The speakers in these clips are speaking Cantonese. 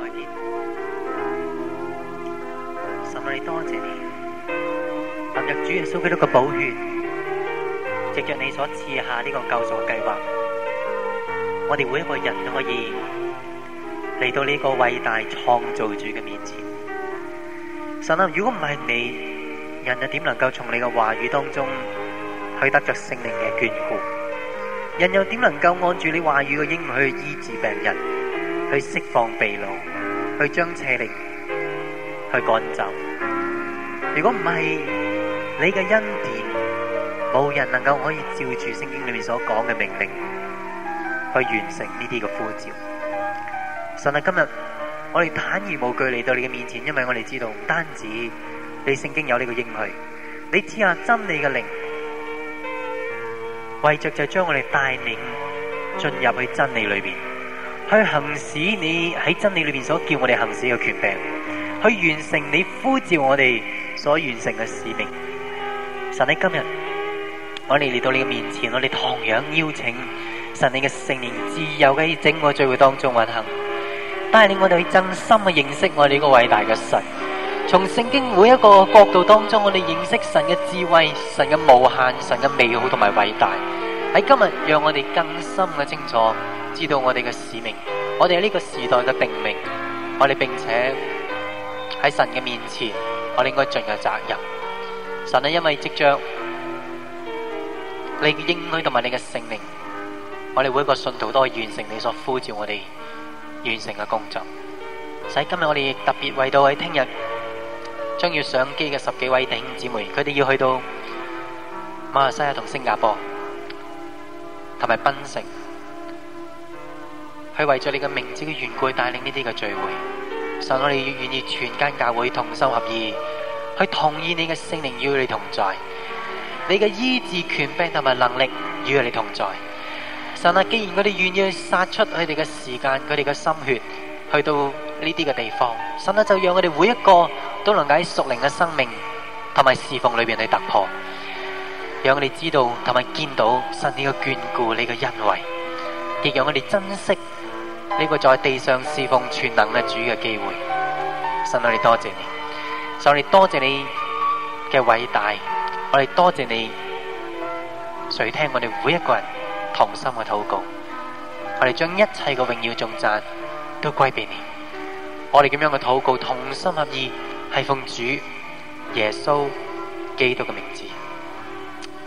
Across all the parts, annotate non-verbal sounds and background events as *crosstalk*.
神啊！你多謝你，今入主耶穌基督嘅寶血，藉着你所賜下呢個救助計劃，我哋每一個人都可以嚟到呢個偉大創造主嘅面前。神啊，如果唔係你，人又點能夠從你嘅話語當中去得着聖靈嘅眷顧？人又點能夠按住你的話語嘅英文去醫治病人？去釋放秘路，去將邪靈去趕走。如果唔係，你嘅恩典，冇人能夠可以照住聖經裏面所講嘅命令，去完成呢啲嘅呼召。神啊，今日我哋坦然無懼嚟到你嘅面前，因為我哋知道，唔單止你聖經有呢個應許，你知下真理嘅靈，為着就將我哋帶領進入去真理裏邊。去行使你喺真理裏面所叫我哋行使嘅權柄，去完成你呼召我哋所完成嘅使命。神喺今日，我哋嚟到你嘅面前，我哋同樣邀請神你嘅聖靈自由嘅喺整個聚會當中運行，帶領我哋去真心去認識我哋呢個偉大嘅神。從聖經每一個角度當中，我哋認識神嘅智慧、神嘅無限、神嘅美好同埋偉大。喺今日，讓我哋更深嘅清楚，知道我哋嘅使命，我哋喺呢個時代嘅定命，我哋並且喺神嘅面前，我哋應該盡有責任。神啊，因為即將你嘅應許同埋你嘅性命，我哋每一個信徒都可以完成你所呼召我哋完成嘅工作。使今日我哋特別為到喺聽日，將要上機嘅十幾位弟兄姊妹，佢哋要去到馬來西亞同新加坡。同埋奔城，係為咗你嘅名字嘅緣故，帶領呢啲嘅聚會。神，我哋願願意全間教會同心合意，去同意你嘅聖靈與你同在，你嘅醫治權柄同埋能力與你同在。神啊，既然我哋願意去殺出佢哋嘅時間、佢哋嘅心血，去到呢啲嘅地方，神啊，就讓我哋每一個都能夠喺屬靈嘅生命同埋侍奉裏邊去突破。讓我哋知道同埋見到神呢個眷顧、你、呢個恩惠，亦讓我哋珍惜呢個在地上侍奉全能嘅主嘅機會。神，我哋多謝你，讓我哋多謝你嘅偉大，讓我哋多謝你，垂聽我哋每一個人同心嘅禱告，我哋將一切嘅榮耀頌讚都歸俾你。我哋咁樣嘅禱告，同心合意，係奉主耶穌基督嘅名字。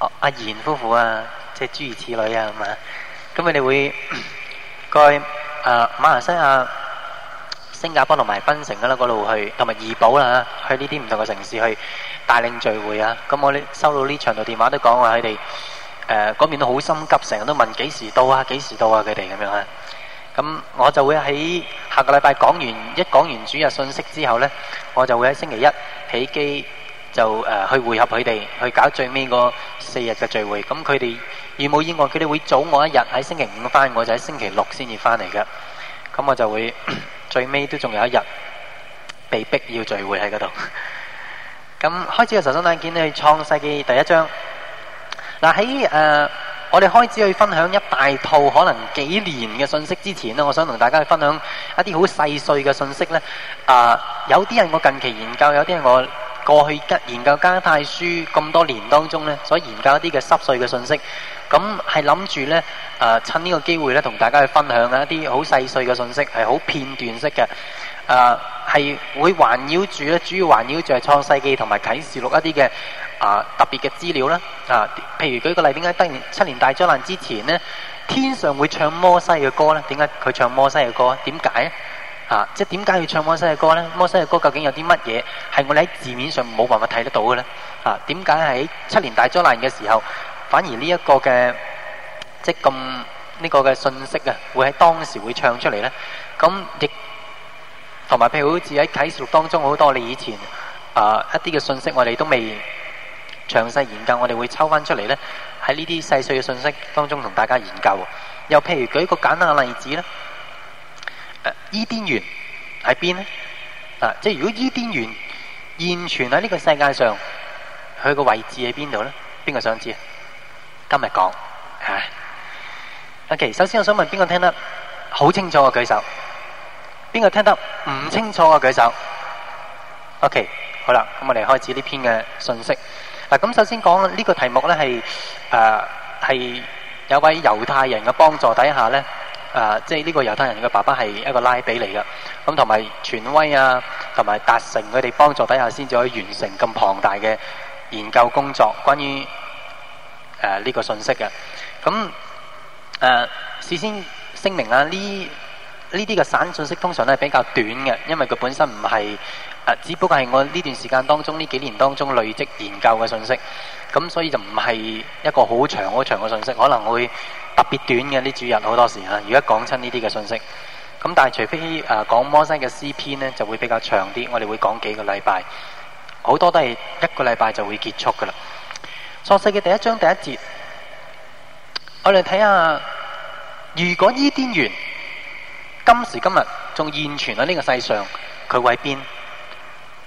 哦，阿賢夫婦啊，即係諸如此類啊，係嘛？咁佢哋會去啊馬來西亞、新加坡同埋檳城嗰度去，同埋怡寶啦，去呢啲唔同嘅城市去帶領聚會啊。咁我哋收到呢長途電話都講話佢哋誒嗰邊都好心急，成日都問幾時到啊，幾時到啊，佢哋咁樣啊。咁我就會喺下個禮拜講完，一講完主日信息之後咧，我就會喺星期一起機。就誒、呃、去會合佢哋，去搞最尾嗰四日嘅聚會。咁佢哋如冇意外，佢哋會早我一日喺星期五翻，我就喺星期六先至翻嚟㗎。咁我就會最尾都仲有一日被逼要聚會喺嗰度。咁 *laughs* 開始嘅時候，眼鏡去創世記嘅第一章。嗱喺誒，我哋開始去分享一大套可能幾年嘅信息之前呢，我想同大家分享一啲好細碎嘅信息呢啊、呃，有啲人我近期研究，有啲人我。過去研究加太書咁多年當中呢，所以研究一啲嘅濕碎嘅信息，咁係諗住呢，呃、趁呢個機會呢，同大家去分享一啲好細碎嘅信息，係好片段式嘅，誒、呃、係會環繞住呢，主要環繞住係創世記同埋啟示錄一啲嘅啊特別嘅資料啦，啊譬如舉個例，點解七年七年大災難之前呢，天上會唱摩西嘅歌呢？點解佢唱摩西嘅歌？點解？啊！即係點解要唱摩西嘅歌呢？摩西嘅歌究竟有啲乜嘢係我哋喺字面上冇辦法睇得到嘅呢？啊！點解喺七年大災難嘅時候，反而呢一個嘅即係咁呢個嘅信息啊，會喺當時會唱出嚟呢？咁亦同埋譬如好似喺啟示錄當中好多你以前啊一啲嘅信息，我哋都未詳細研究，我哋會抽翻出嚟呢，喺呢啲細碎嘅信息當中同大家研究。又譬如舉一個簡單嘅例子呢伊甸園喺邊呢？啊，即係如果伊甸園現存喺呢個世界上，佢個位置喺邊度咧？邊個想知？今日講吓。O.K. 首先我想問邊個聽得好清楚嘅舉手。邊個聽得唔清楚嘅舉手。O.K. 好啦，咁我哋開始呢篇嘅信息。嗱、啊，咁首先講呢個題目咧係誒係有位猶太人嘅幫助底下咧。啊、呃，即係呢個猶太人嘅爸爸係一個拉比嚟㗎。咁同埋權威啊，同埋達成佢哋幫助底下先至可以完成咁龐大嘅研究工作，關於呢、呃呢個信息嘅。咁、嗯、誒、呃、事先聲明啦、啊，呢呢啲嘅散信息通常係比較短嘅，因為佢本身唔係、呃、只不過係我呢段時間當中呢幾年當中累積研究嘅信息，咁、嗯、所以就唔係一個好長好長嘅信息，可能會。特別短嘅啲主日好多時吓，如果講親呢啲嘅信息。咁但係除非誒講摩西嘅詩篇咧，就會比較長啲，我哋會講幾個禮拜。好多都係一個禮拜就會結束噶啦。創世嘅第一章第一節，我哋睇下，如果伊甸園今時今日仲現存喺呢個世上，佢會喺邊？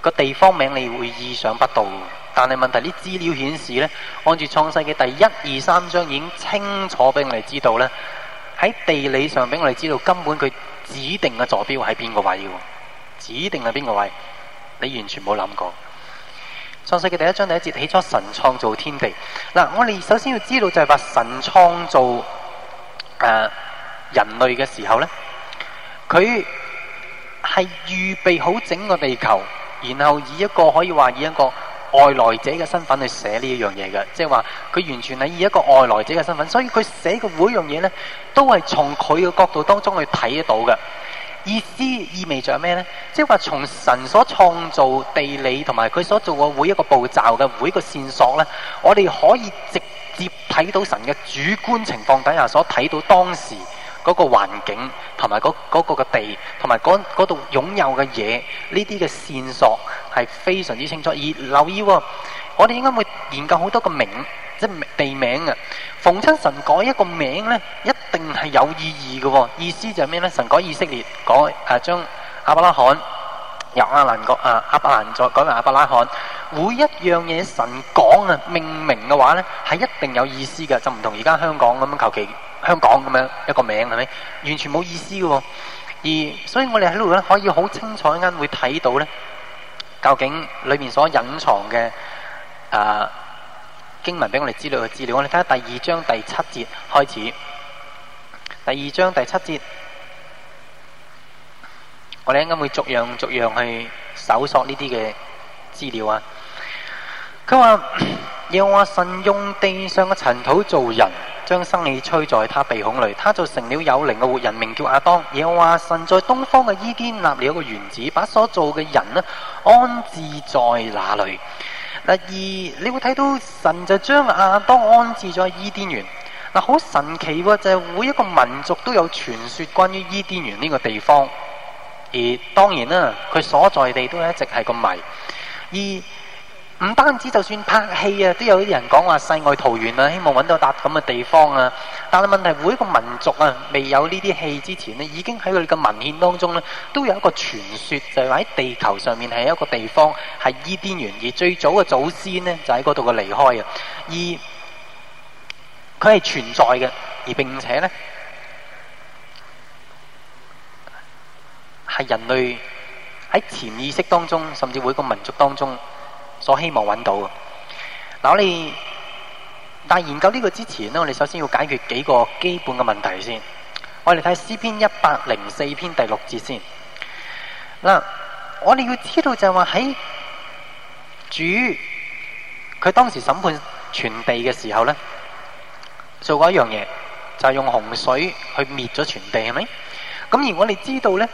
個地方名你會意想不到，但係問題啲資料顯示呢，按住創世嘅第一二三章已經清楚俾我哋知道呢，喺地理上俾我哋知道，根本佢指定嘅坐標喺邊個位喎，指定喺邊個位，你完全冇諗過。創世嘅第一章第一節，起初神創造天地。嗱，我哋首先要知道就係話神創造誒、呃、人類嘅時候呢，佢係預備好整個地球。然後以一個可以話，以一個外來者嘅身份去寫呢一樣嘢嘅，即係話佢完全係以一個外來者嘅身份，所以佢寫嘅每一樣嘢呢，都係從佢嘅角度當中去睇得到嘅。意思意味着咩呢？即係話從神所創造地理同埋佢所做嘅每一個步驟嘅每一個線索呢，我哋可以直接睇到神嘅主觀情況底下所睇到當時嗰個環境同埋嗰嗰個嘅地，同埋嗰嗰度擁有嘅嘢，呢啲嘅線索係非常之清楚。而留意喎，我哋應該會研究好多個名，即係地名啊。逢親神改一個名咧，一定係有意義嘅。意思就係咩咧？神改以色列，改誒將亞伯拉罕由亞蘭國啊，亞伯蘭再改為亞伯拉罕。每一樣嘢神講啊，命名嘅話咧，係一定有意思嘅，就唔同而家香港咁樣求其。香港咁樣一個名係咪？完全冇意思嘅喎。而所以我哋喺度咧，可以好清楚啱會睇到咧，究竟裏面所隱藏嘅誒經文俾我哋知道嘅資料。我哋睇下第二章第七節開始，第二章第七節，我哋應該會逐樣逐樣去搜索呢啲嘅資料啊。佢話：耶和華神用地上嘅塵土造人，將生氣吹在他鼻孔裏，他就成了有靈嘅活人，名叫亞當。耶和華神在東方嘅伊甸立了一個園子，把所造嘅人呢安置在那裡。嗱，你會睇到神就將亞當安置在伊甸園。嗱，好神奇喎，就係每一個民族都有傳說關於伊甸園呢個地方。而當然啦，佢所在地都一直係個謎。而唔單止就算拍戲啊，都有啲人講話世外桃源啊，希望揾到笪咁嘅地方啊。但係問題，每個民族啊，未有呢啲戲之前呢，已經喺佢哋嘅文獻當中呢，都有一個傳說，就係話喺地球上面係一個地方係伊甸園，而最早嘅祖先呢，就喺嗰度嘅離開啊。而佢係存在嘅，而並且呢，係人類喺潛意識當中，甚至每個民族當中。所希望揾到嘅。嗱，我哋，但係研究呢個之前呢，我哋首先要解決幾個基本嘅問題先。我哋睇詩篇一百零四篇第六節先。嗱，我哋要知道就係話喺主，佢當時審判全地嘅時候咧，做過一樣嘢，就係、是、用洪水去滅咗全地，係咪？咁而我哋知道咧，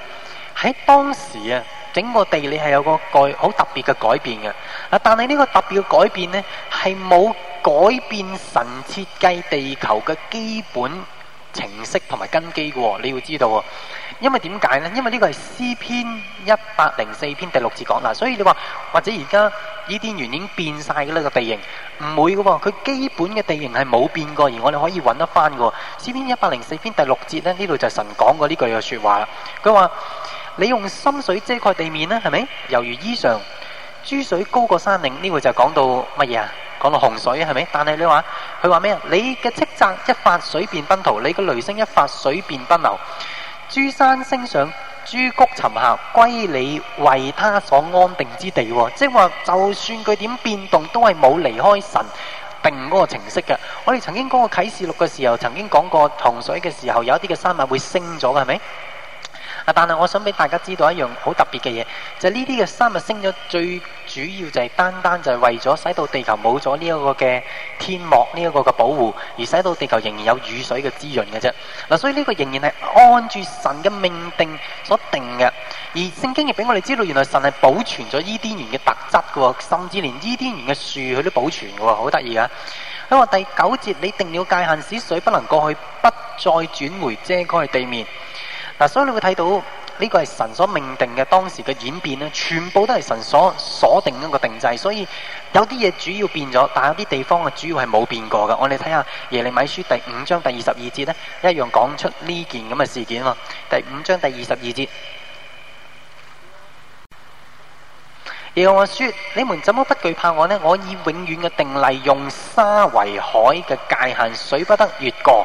喺當時啊。整個地理係有個改好特別嘅改變嘅，啊！但係呢個特別嘅改變呢，係冇改變神設計地球嘅基本程式同埋根基嘅，你要知道喎，因為點解呢？因為呢個係詩篇一百零四篇第六節講啦，所以你話，或者而家伊甸園已經變晒嘅呢個地形，唔會喎。佢基本嘅地形係冇變過，而我哋可以揾得翻嘅。詩篇一百零四篇第六節呢，呢度就神講過呢句嘅說話啦，佢話。你用深水遮蓋地面呢係咪？猶如衣裳。珠水高過山嶺，呢個就講到乜嘢啊？講到洪水，係咪？但係你話佢話咩啊？你嘅斥責一發，水變奔逃；你嘅雷聲一發，水變奔流。珠山升上，珠谷沉下，歸你為他所安定之地。即係話，就算佢點變動，都係冇離開神定嗰個程式嘅。我哋曾經講過啟示錄嘅時候，曾經講過洪水嘅時候，有一啲嘅山脈會升咗嘅，係咪？但係我想俾大家知道一樣好特別嘅嘢，就係呢啲嘅山咪升咗，最主要就係單單就係為咗使到地球冇咗呢一個嘅天幕呢一個嘅保護，而使到地球仍然有雨水嘅滋潤嘅啫。嗱，所以呢個仍然係按住神嘅命定所定嘅，而聖經亦俾我哋知道，原來神係保存咗伊甸園嘅特質嘅喎，甚至連伊甸園嘅樹佢都保存嘅喎，好得意啊！佢話第九節，你定了界限，使水不能過去，不再轉回遮蓋地面。嗱、啊，所以你會睇到呢、這個係神所命定嘅，當時嘅演變呢，全部都係神所鎖定一個定制，所以有啲嘢主要變咗，但係有啲地方啊主要係冇變過嘅。我哋睇下耶利米書第五章第二十二節呢一樣講出呢件咁嘅事件喎。第五章第二十二節，耶和華說：你們怎麼不懼怕我呢？我以永遠嘅定例，用沙為海嘅界限，水不得越過。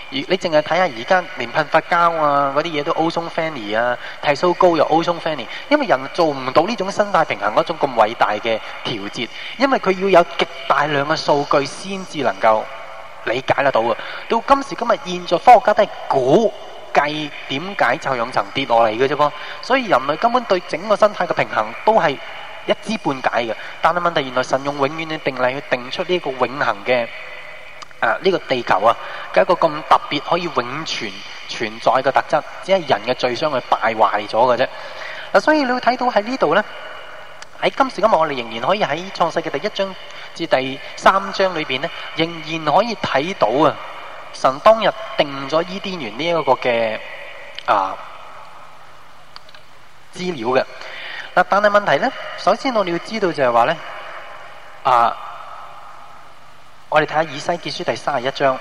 而你淨係睇下而家連噴發膠啊，嗰啲嘢都 Ozone Friendly 啊，剃鬚膏又 Ozone Friendly，因為人做唔到呢種生態平衡嗰種咁偉大嘅調節，因為佢要有極大量嘅數據先至能夠理解得到啊！到今時今日現在，科學家都係估計點解臭氧層跌落嚟嘅啫噃，所以人類根本對整個生態嘅平衡都係一知半解嘅。但係問題是原來神用永遠嘅定例去定出呢個永恒嘅。啊！呢，這個地球啊，有一個咁特別可以永存存在嘅特質，只係人嘅罪商去敗壞咗嘅啫。嗱、啊，所以你會睇到喺呢度呢，喺今時今日我哋仍然可以喺創世嘅第一章至第三章裏邊呢，仍然可以睇到啊！神當日定咗伊甸園呢一個嘅啊資料嘅。嗱、啊，但係問題呢，首先我哋要知道就係話呢。啊。我哋睇下以西結書第三十一章。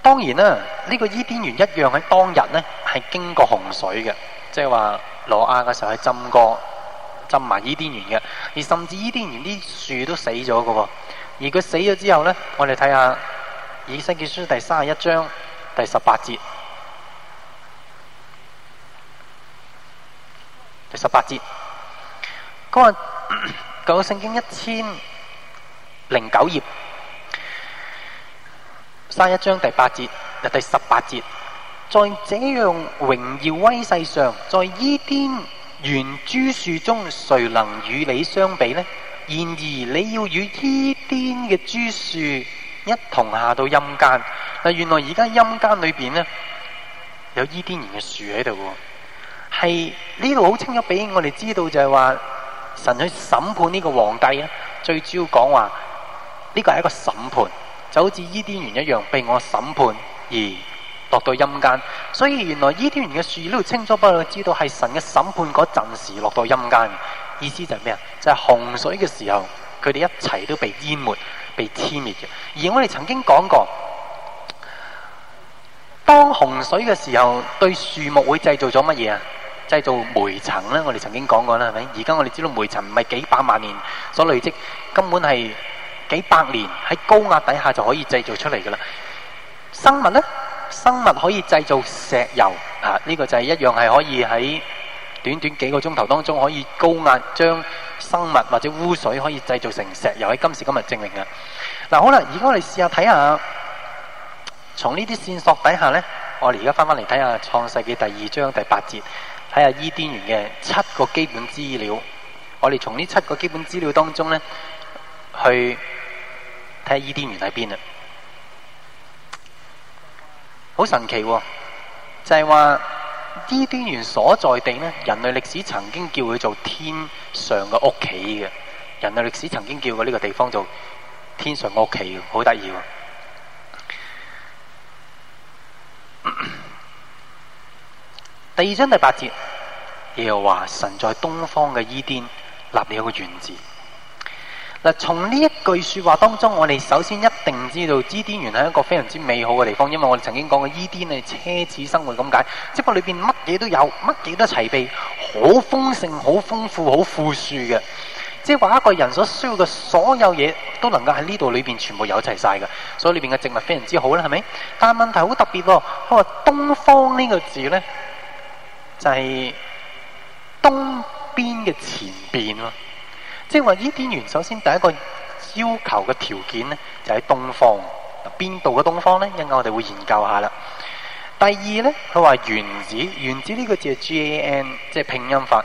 當然啦，呢個伊甸園一樣喺當日呢係經過洪水嘅，即係話挪亞嘅時候係浸過、浸埋伊甸園嘅，而甚至伊甸園啲樹都死咗嘅。而佢死咗之後呢，我哋睇下以西結書第三十一章第十八節，第十八節，佢話九聖咳咳、那個、經一千零九頁，三一章第八節第十八節，在這樣榮耀威勢上，在伊甸園諸樹中，誰能與你相比呢？然而你要與伊甸嘅諸樹一同下到陰間。嗱，原來而家陰間裏邊呢，有伊甸園嘅樹喺度，係呢度好清楚俾我哋知道就是說，就係話。神去審判呢個皇帝啊，最主要講話呢個係一個審判，就好似伊甸園一樣被我審判而落到陰間。所以原來伊甸園嘅樹都度清楚，不知道係神嘅審判嗰陣時落到陰間。意思就係咩啊？就係、是、洪水嘅時候，佢哋一齊都被淹沒、被殲滅嘅。而我哋曾經講過，當洪水嘅時候，對樹木會製造咗乜嘢啊？製造煤層咧，我哋曾經講過啦，係咪？而家我哋知道煤層唔係幾百萬年所累積，根本係幾百年喺高壓底下就可以製造出嚟噶啦。生物呢，生物可以製造石油啊！呢個就係一樣係可以喺短短幾個鐘頭當中可以高壓將生物或者污水可以製造成石油，喺今時今日證明嘅。嗱、啊，好啦，而家我哋試下睇下，從呢啲線索底下呢，我哋而家翻翻嚟睇下創世記第二章第八節。睇下伊甸園嘅七個基本資料，我哋從呢七個基本資料當中呢，去睇下伊甸園喺邊啊！好神奇，就係話伊甸園所在地呢，人類歷史曾經叫佢做天上嘅屋企嘅，人類歷史曾經叫過呢個地方做天上嘅屋企，好得意。 *coughs* 第二章第八節，又話神在東方嘅伊甸立了一個園子。嗱，從呢一句說話當中，我哋首先一定知道伊甸園係一個非常之美好嘅地方，因為我哋曾經講過伊甸係奢侈生活咁解，即係話裏邊乜嘢都有，乜嘢都齊備，好豐盛、好豐富、好富庶嘅。即係話一個人所需要嘅所有嘢都能夠喺呢度裏邊全部有齊晒嘅，所以裏邊嘅植物非常之好啦，係咪？但係問題好特別，佢話東方呢個字呢。就係東邊嘅前邊咯，即係話伊甸園首先第一個要求嘅條件咧，就喺、是、東方，邊度嘅東方咧？一陣我哋會研究一下啦。第二咧，佢話原子，原子呢個字係 G A N，即係拼音法。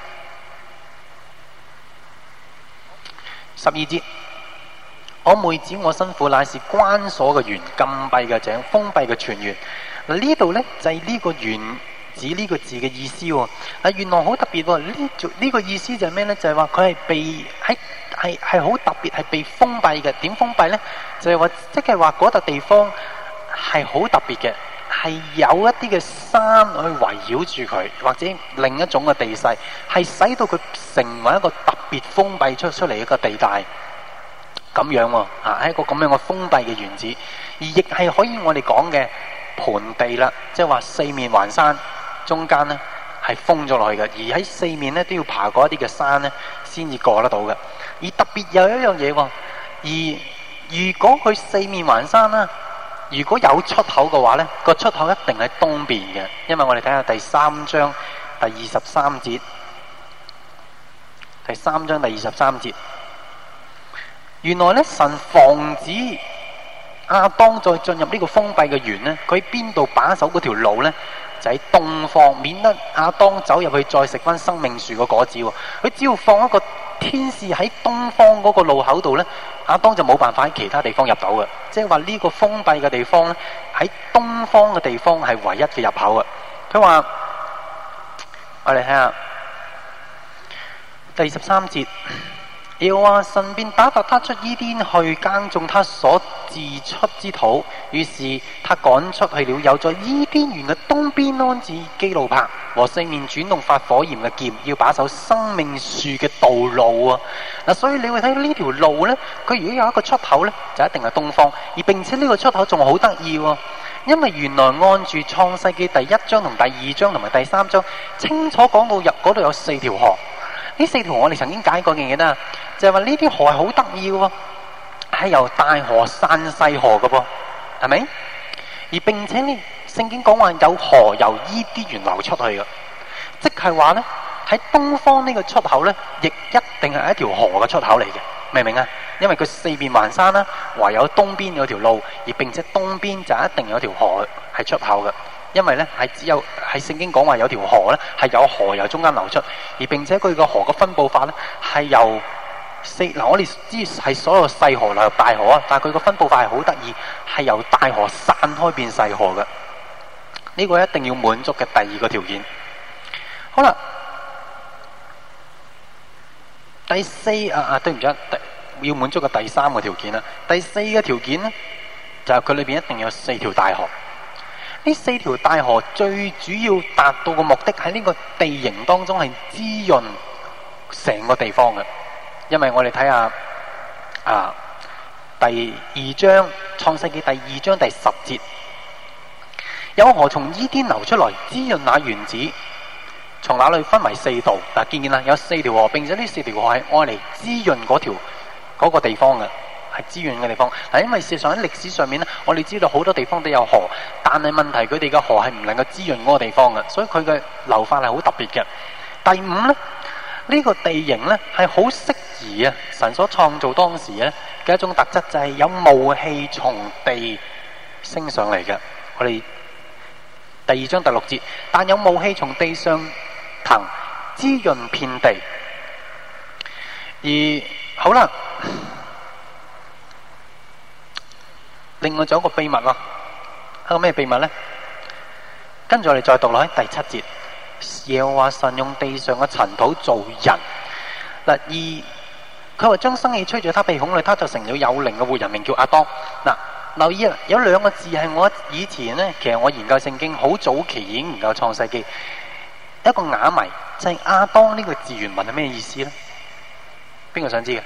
十二節，我妹子我辛苦，乃是關鎖嘅園，禁閉嘅井，封閉嘅泉源。嗱呢度咧，就係、是、呢個園字呢個字嘅意思喎、哦。啊原來好特別喎、哦，呢呢、這個意思就係咩咧？就係話佢係被喺係係好特別係被封閉嘅。點封閉咧？就係話即係話嗰笪地方係好特別嘅。係有一啲嘅山去圍繞住佢，或者另一種嘅地勢，係使到佢成為一個特別封閉出出嚟一個地帶咁樣喎、哦。啊，係一個咁樣嘅封閉嘅園子，而亦係可以我哋講嘅盆地啦，即係話四面環山，中間呢係封咗落去嘅，而喺四面咧都要爬過一啲嘅山呢先至過得到嘅。而特別有一樣嘢，而如果佢四面環山呢。如果有出口嘅話，呢個出口一定喺東邊嘅，因為我哋睇下第三章第二十三節，第三章第二十三節，原來呢，神防止亞當再進入呢個封閉嘅園呢，佢喺邊度把守嗰條路呢？就喺東方，免得亞當走入去再食翻生命樹嗰果子。佢只要放一個天使喺東方嗰個路口度呢。阿當就冇辦法喺其他地方入到嘅，即係話呢個封閉嘅地方咧，喺東方嘅地方係唯一嘅入口嘅。佢話：我哋睇下第十三節。要話順便打發他出伊甸去耕種他所自出之土，於是他趕出去了，有在伊甸園嘅東邊安置基路伯，和四面轉動發火焰嘅劍，要把守生命樹嘅道路啊！嗱，所以你會睇到呢條路呢，佢如果有一個出口呢，就一定係東方，而並且呢個出口仲好得意喎，因為原來按住創世記第一章同第二章同埋第三章，清楚講到入嗰度有四條河，呢四條河我哋曾經解過嘅嘢啦。就係話呢啲河係好得意喎，係由大河、山、西河嘅噃，係咪？而並且呢，聖經講話有河由呢啲源流出去嘅，即係話呢，喺東方呢個出口呢，亦一定係一條河嘅出口嚟嘅，明唔明啊？因為佢四面環山啦，唯有東邊有條路，而並且東邊就一定有條河係出口嘅，因為呢，係只有喺聖經講話有條河呢，係有河由中間流出，而並且佢個河嘅分布法呢，係由。四嗱，啊，我哋知係所有細河流入大河啊，但係佢個分布法係好得意，係由大河散開變細河嘅。呢個一定要滿足嘅第二個條件。好啦，第四啊啊，對唔住，要滿足嘅第三個條件啦。第四個條件呢，就係、是、佢裏邊一定要有四條大河。呢四條大河最主要達到嘅目的，喺呢個地形當中係滋潤成個地方嘅。因為我哋睇下啊，第二章創世紀第二章第十節，有河從伊甸流出來滋潤那園子，從那裏分為四道。嗱，見唔見啊？有四條河，並且呢四條河係愛嚟滋潤嗰條嗰、嗰個地方嘅，係滋潤嘅地方。嗱，因為事實上喺歷史上面咧，我哋知道好多地方都有河，但係問題佢哋嘅河係唔能夠滋潤嗰個地方嘅，所以佢嘅流法係好特別嘅。第五咧。呢個地形咧係好適宜啊！神所創造當時咧嘅一種特質就係有霧氣從地升上嚟嘅。我哋第二章第六節，但有霧氣從地上騰，滋潤遍地。而好啦，另外仲有一個秘密喎，係個咩秘密咧？跟住我哋再讀落去第七節。又話神用地上嘅塵土造人。嗱二，佢話將生氣吹咗，他鼻孔裏，他就成咗有靈嘅活人，名叫阿當。嗱，留意啦，有兩個字係我以前咧，其實我研究聖經好早期已經研究創世紀。一個啞謎就係、是、阿當呢個字原文係咩意思咧？邊個想知嘅？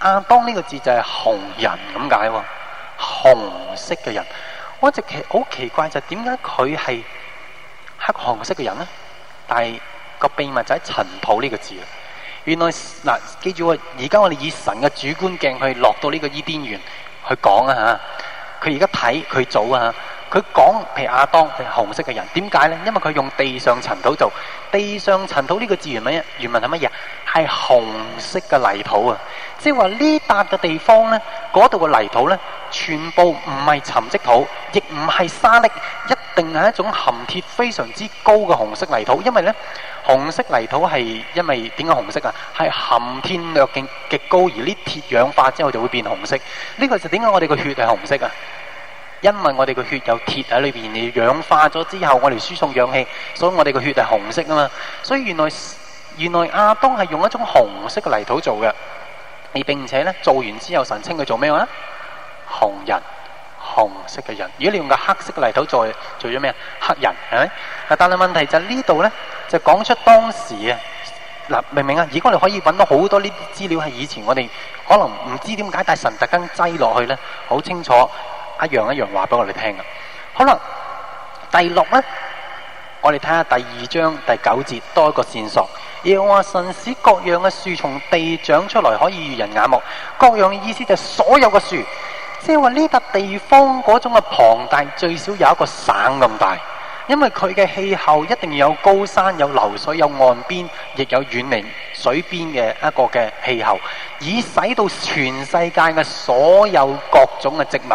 亞當呢個字就係紅人咁解，紅色嘅人。我一直奇好奇怪就係點解佢係黑紅色嘅人呢？但係、個秘密就喺陳普呢個字原來。嗱、啊，記住、哦、我而家我哋以神嘅主觀鏡去落到呢個伊甸園去講啊吓，佢而家睇佢做啊。佢講，譬如亞當係紅色嘅人，點解呢？因為佢用地上塵土做地上塵土呢個字原文原文係乜嘢？係紅色嘅泥土啊！即係話呢笪嘅地方呢，嗰度嘅泥土呢，全部唔係沉積土，亦唔係沙粒，一定係一種含鐵非常之高嘅紅色泥土。因為呢，紅色泥土係因為點解紅色啊？係含鐵量極極高，而呢鐵氧化之後就會變紅色。呢個就點解我哋個血係紅色啊？因為我哋個血有鐵喺裏邊，你氧化咗之後，我哋輸送氧氣，所以我哋個血係紅色啊嘛。所以原來原來亞當係用一種紅色嘅泥土做嘅，而並且咧做完之後，神稱佢做咩話咧？紅人，紅色嘅人。如果你用個黑色泥土做，做咗咩啊？黑人，係咪？啊，但係問題就呢度呢，就講出當時啊，嗱，明唔明啊？如果我哋可以揾到好多呢啲資料，係以前我哋可能唔知點解，但神特登擠落去呢，好清楚。一樣一樣話俾我哋聽啊，好啦，第六咧，我哋睇下第二章第九節，多一個線索，而我話神使各樣嘅樹從地長出來，可以悅人眼目。各樣嘅意思就係所有嘅樹，即係話呢笪地方嗰種嘅龐大，最少有一個省咁大，因為佢嘅氣候一定要有高山、有流水、有岸邊，亦有遠離水邊嘅一個嘅氣候，以使到全世界嘅所有各種嘅植物。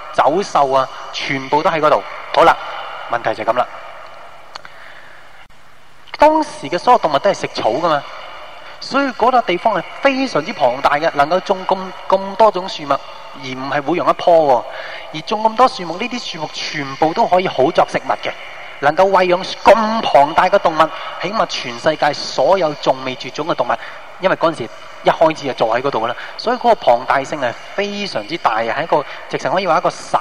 走獸啊，全部都喺嗰度。好啦，問題就咁啦。當時嘅所有動物都係食草噶嘛，所以嗰笪地方係非常之龐大嘅，能夠種咁咁多種樹木，而唔係每樣一棵喎。而種咁多樹木，呢啲樹木全部都可以好作食物嘅，能夠餵養咁龐大嘅動物，起碼全世界所有仲未絕種嘅動物。因為嗰陣時一開始就坐喺嗰度啦，所以嗰個龐大性係非常之大的，係一個，直情可以話一個省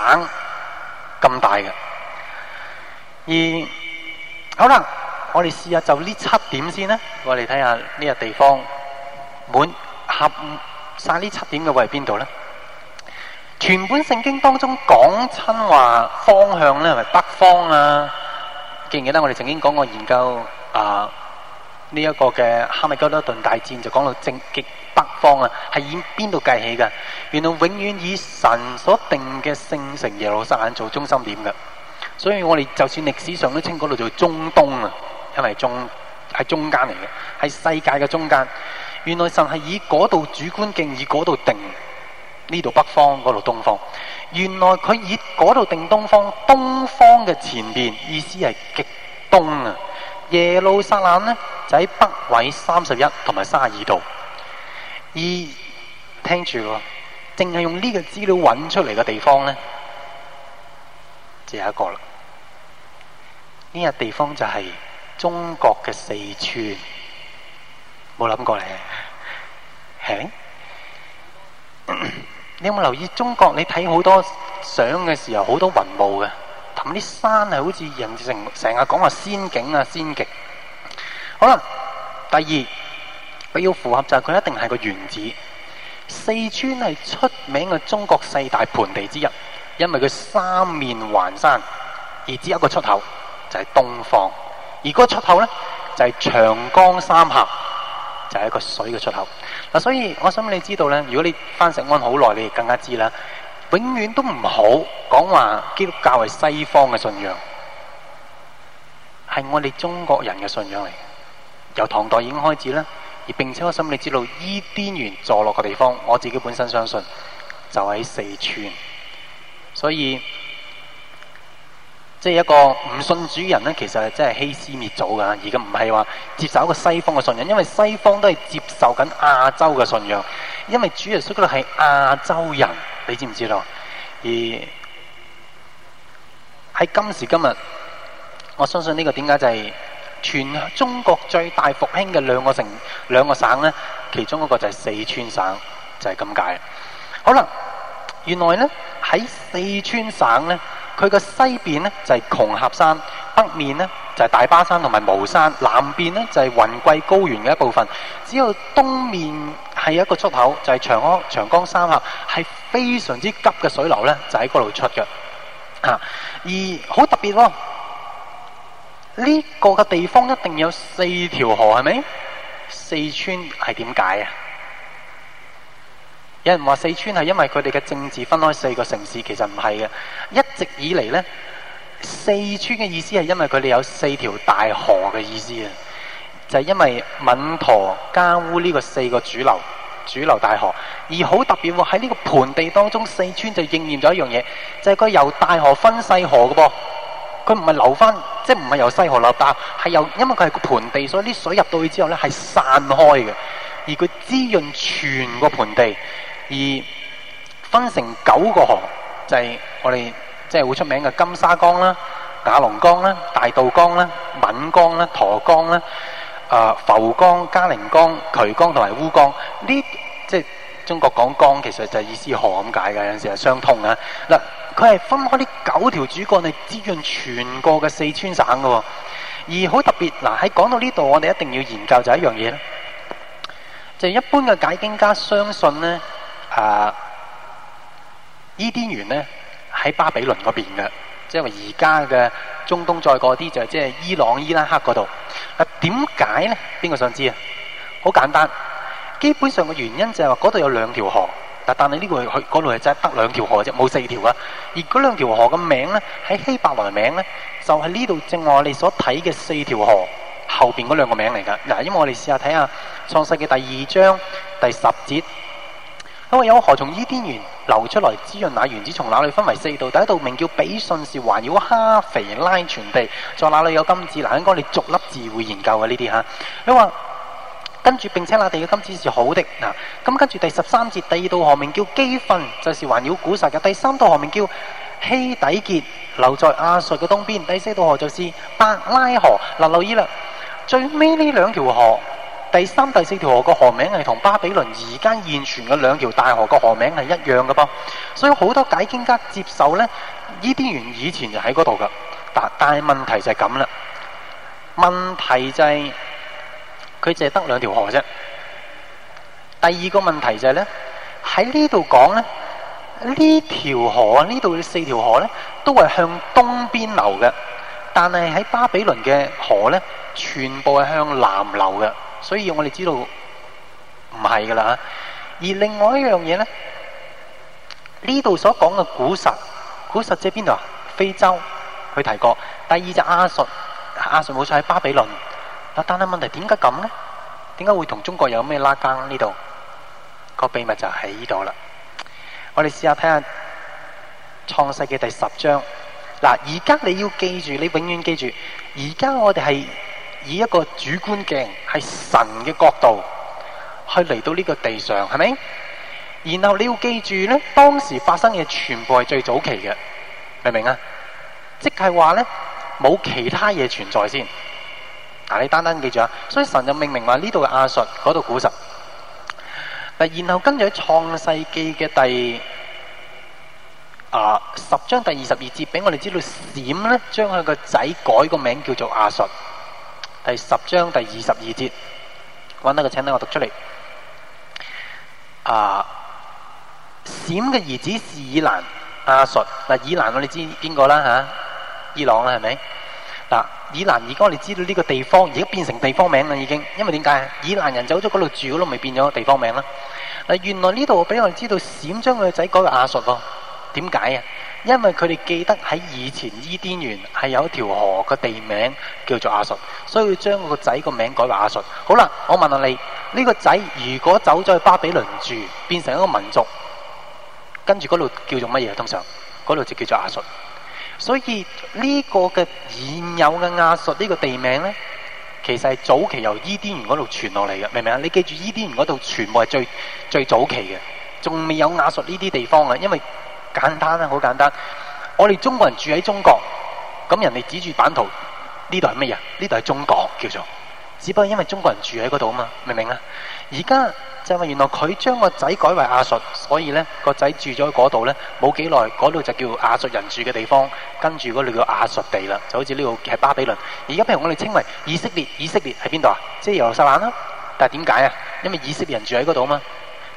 咁大嘅。而好啦，我哋試下就呢七點先啦，我哋睇下呢個地方滿合晒呢七點嘅位係邊度呢？全本聖經當中講親話方向咧，係咪北方啊？記唔記得我哋曾經講過研究啊？呢一個嘅哈米吉多頓大戰就講到正極北方啊，係以邊度計起㗎？原來永遠以神所定嘅聖城耶路撒冷做中心點嘅。所以我哋就算歷史上都稱嗰度做中東啊，因為中係中間嚟嘅，喺世界嘅中間。原來神係以嗰度主觀鏡，以嗰度定呢度北方，嗰度東方。原來佢以嗰度定東方，東方嘅前面意思係極東啊。耶路撒冷咧就喺北緯三十一同埋三十二度，而聽住淨係用呢個資料揾出嚟嘅地方咧，只有一個啦。呢個地方就係中國嘅四川冇諗過你。係，你有冇留意中國？你睇好多相嘅時候，好多雲霧嘅。咁啲山係好似人成成日講話仙境啊、仙極好啦。第二佢要符合就係佢一定係個原址。四川係出名嘅中國四大盆地之一，因為佢三面環山，而只有一個出口就係東方，而個出口呢就係、是、長江三峽，就係、是、一個水嘅出口。嗱，所以我想你知道呢，如果你翻成安好耐，你更加知啦。永遠都唔好講話基督教係西方嘅信仰。係我哋中國人嘅信仰嚟，由唐代已經開始啦，而並且我想你知道伊甸園坐落嘅地方，我自己本身相信就喺四川。所以即係、就是、一個唔信主人，呢其實係真係欺師滅祖噶。而家唔係話接受一個西方嘅信仰，因為西方都係接受緊亞洲嘅信仰，因為主耶穌佢係亞洲人。你知唔知道？而喺今時今日，我相信呢個點解就係全中國最大復興嘅兩個城兩個省咧，其中一個就係四川省，就係咁解。好啦，原來呢，喺四川省呢，佢嘅西邊呢就係窮峽山，北面呢。大巴山同埋巫山，南邊咧就係雲貴高原嘅一部分。只有東面係一個出口，就係、是、長江長江三峽，係非常之急嘅水流呢，就喺嗰度出嘅。嚇、啊！而好特別喎、哦，呢、這個嘅地方一定有四條河，係咪？四川係點解啊？有人話四川係因為佢哋嘅政治分開四個城市，其實唔係嘅。一直以嚟呢。四川嘅意思係因為佢哋有四條大河嘅意思啊，就係因為岷沱嘉烏呢，個四個主流主流大河，而好特別喺呢個盆地當中，四川就應驗咗一樣嘢，就係佢由大河分細河嘅噃，佢唔係流返，即係唔係由細河流，但係由，因為佢係個盆地，所以啲水入到去之後呢係散開嘅，而佢滋潤全個盆地，而分成九個河，就係我哋。即係會出名嘅金沙江啦、雅龍江啦、大渡江啦、岷江啦、沱江啦、啊、呃、浮江、嘉陵江、渠江同埋烏江，呢，即係中國講江其實就意思河咁解嘅，有陣時係相通㗎。嗱，佢係分開呢九條主幹嚟滋潤全個嘅四川省㗎喎。而好特別，嗱，喺講到呢度，我哋一定要研究就一樣嘢咧，就一般嘅解經家相信咧，啊、呃，伊甸園咧。喺巴比倫嗰邊嘅，即係話而家嘅中東再過啲就係即係伊朗、伊拉克嗰度。啊，點解呢？邊個想知啊？好簡單，基本上嘅原因就係話嗰度有兩條河。嗱，但係呢個去嗰度係真係得兩條河啫，冇四條啊。而嗰兩條河嘅名字呢，喺希伯來嘅名字呢，就係呢度正話你所睇嘅四條河後邊嗰兩個名嚟噶。嗱，因為我哋試下睇下創世嘅第二章第十節。因為有河從伊甸園流出來，滋潤那園子，從哪裏分為四道，第一道名叫比信，是環繞哈肥拉全地，在哪裏有金子嗱，應該你逐粒字會研究嘅呢啲吓，你話，跟住並且那地嘅金子是好的嗱。咁跟住第十三節，第二道河名叫基訓，就是環繞古實嘅。第三道河名叫希底結，留在亞述嘅東邊。第四道河就是伯拉河。嗱，留意啦，最尾呢兩條河。第三、第四條河個河名係同巴比倫而家現存嘅兩條大河個河名係一樣嘅噃，所以好多解經家接受呢，伊甸園以前就喺嗰度噶。但但係問題就係咁啦，問題就係佢淨係得兩條河啫。第二個問題就係、是、呢，喺呢度講呢，呢條河，呢度嘅四條河呢，都係向東邊流嘅，但係喺巴比倫嘅河呢，全部係向南流嘅。所以我哋知道唔係噶啦，而另外一樣嘢呢，呢度所講嘅古實，古實即係邊度啊？非洲佢提過，第二就係亞述，亞述冇錯喺巴比倫。嗱，但係問題點解咁呢？點解會同中國有咩拉更呢度？個秘密就喺呢度啦。我哋試下睇下創世記第十章。嗱，而家你要記住，你永遠記住，而家我哋係。以一個主觀鏡，係神嘅角度去嚟到呢個地上，係咪？然後你要記住咧，當時發生嘅全部係最早期嘅，明唔明啊？即係話咧，冇其他嘢存在先。嗱、啊，你單單記住啊。所以神就命名話呢度嘅亞述，嗰度古實。嗱，然後跟住喺創世記嘅第啊十章第二十二節，俾我哋知道，閃咧將佢個仔改個名叫做亞述。第十章第二十二節，揾到個請單我讀出嚟。啊，閃嘅兒子是以蘭亞述。嗱，以蘭我哋知邊個啦吓？伊朗啦係咪？嗱、啊，以蘭，而家我哋知道呢個地方已經變成地方名啦已經，因為點解啊？以蘭人走咗嗰度住，嗰度咪變咗地方名啦？嗱、啊，原來呢度俾我哋知道閃他的，閃將佢仔改為亞述個，點解啊？因為佢哋記得喺以前伊甸園係有一條河嘅地名叫做亞述，所以將個仔個名改為亞述。好啦，我問下你：呢個仔如果走咗去巴比倫住，變成一個民族，跟住嗰度叫做乜嘢？通常嗰度就叫做亞述。所以呢個嘅現有嘅亞述呢個地名呢，其實係早期由伊甸園嗰度傳落嚟嘅，明唔明啊？你記住伊甸園嗰度全部係最最早期嘅，仲未有亞述呢啲地方嘅，因為。簡單啦、啊，好簡單。我哋中國人住喺中國，咁人哋指住版圖呢度係咩啊？呢度係中國叫做。只不過因為中國人住喺嗰度啊嘛，明唔明啊？而家就係話原來佢將個仔改為亞述，所以呢個仔住咗喺嗰度呢，冇幾耐嗰度就叫亞述人住嘅地方，跟住嗰度叫亞述地啦。就好似呢度係巴比倫。而家譬如我哋稱為以色列，以色列喺邊度啊？即係耶路撒冷啦。但係點解啊？因為以色列人住喺嗰度啊嘛。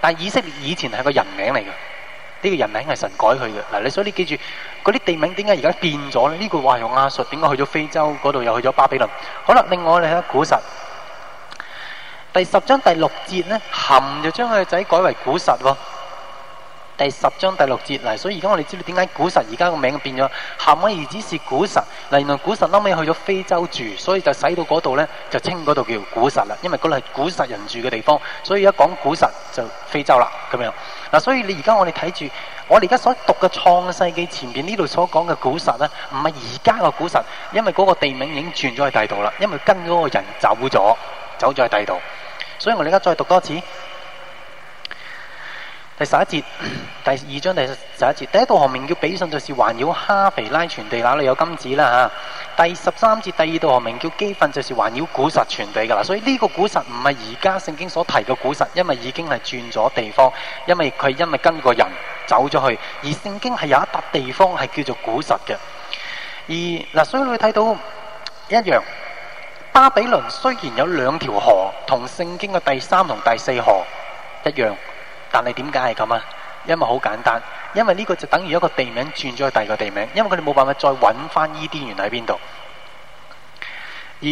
但係以色列以前係個人名嚟嘅。呢個人名係神改佢嘅，嗱，你所以你記住，嗰啲地名點解而家變咗咧？呢句話用亞述，點解去咗非洲嗰度，又去咗巴比倫？好啦，另外我哋睇下古實，第十章第六節咧，含就將佢個仔改為古實喎。第十章第六節，嗱，所以而家我哋知道點解古實而家個名變咗，含嘅兒子是古實，嗱，原來古實撈尾去咗非洲住，所以就使到嗰度咧，就稱嗰度叫古實啦，因為嗰度係古實人住嘅地方，所以一講古實就非洲啦，咁樣。嗱，所以你而家我哋睇住，我哋而家所讀嘅《創世記》前邊呢度所講嘅古實咧，唔係而家嘅古實，因為嗰個地名已經轉咗去第度啦，因為跟嗰個人走咗，走咗去第度，所以我哋而家再讀多次。第十一節第二章第十一節，第，第，十一節，第一道河名叫比信，就是環繞哈肥拉全地，哪裏有金子啦嚇、啊！第十三節第二道河名叫基訓，就是環繞古實全地嘅啦。所以呢個古實唔係而家聖經所提嘅古實，因為已經係轉咗地方，因為佢因為跟個人走咗去，而聖經係有一笪地方係叫做古實嘅。而嗱、啊，所以你睇到一樣，巴比倫雖然有兩條河，同聖經嘅第三同第四河一樣。但係點解係咁啊？因為好簡單，因為呢個就等於一個地名轉咗去第二個地名，因為佢哋冇辦法再揾翻伊甸園喺邊度。而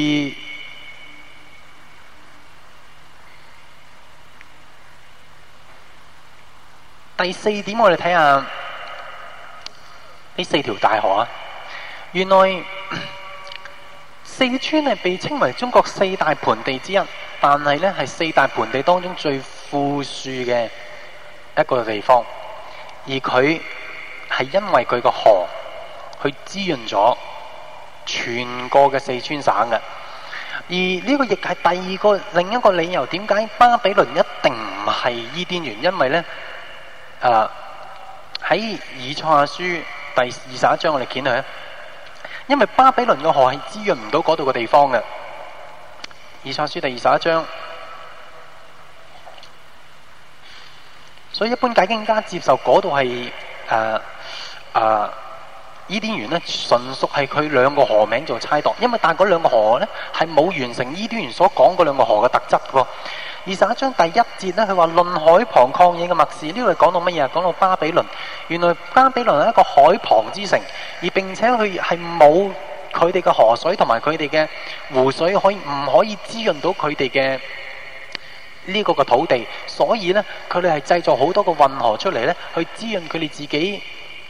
第四點，我哋睇下呢四條大河啊。原來四川係被稱為中國四大盆地之一，但係呢係四大盆地當中最富庶嘅。一個地方，而佢係因為佢個河去滋潤咗全個嘅四川省嘅，而呢個亦係第二個另一個理由，點解巴比倫一定唔係伊甸園？因為咧，啊喺以賽亞書第二十一章我哋見到。因為巴比倫嘅河係滋潤唔到嗰度嘅地方嘅。以賽亞書第二十一章。所以一般解經家接受嗰度係誒誒伊甸園咧，純屬係佢兩個河名做猜度，因為但嗰兩個河咧係冇完成伊甸園所講嗰兩個河嘅特質嘅。二十一章第一節咧，佢話論海旁曠野嘅默示，呢個講到乜嘢啊？講到巴比倫，原來巴比倫係一個海旁之城，而並且佢係冇佢哋嘅河水同埋佢哋嘅湖水可以唔可以滋潤到佢哋嘅？呢個個土地，所以呢，佢哋係製造好多個運河出嚟呢去滋潤佢哋自己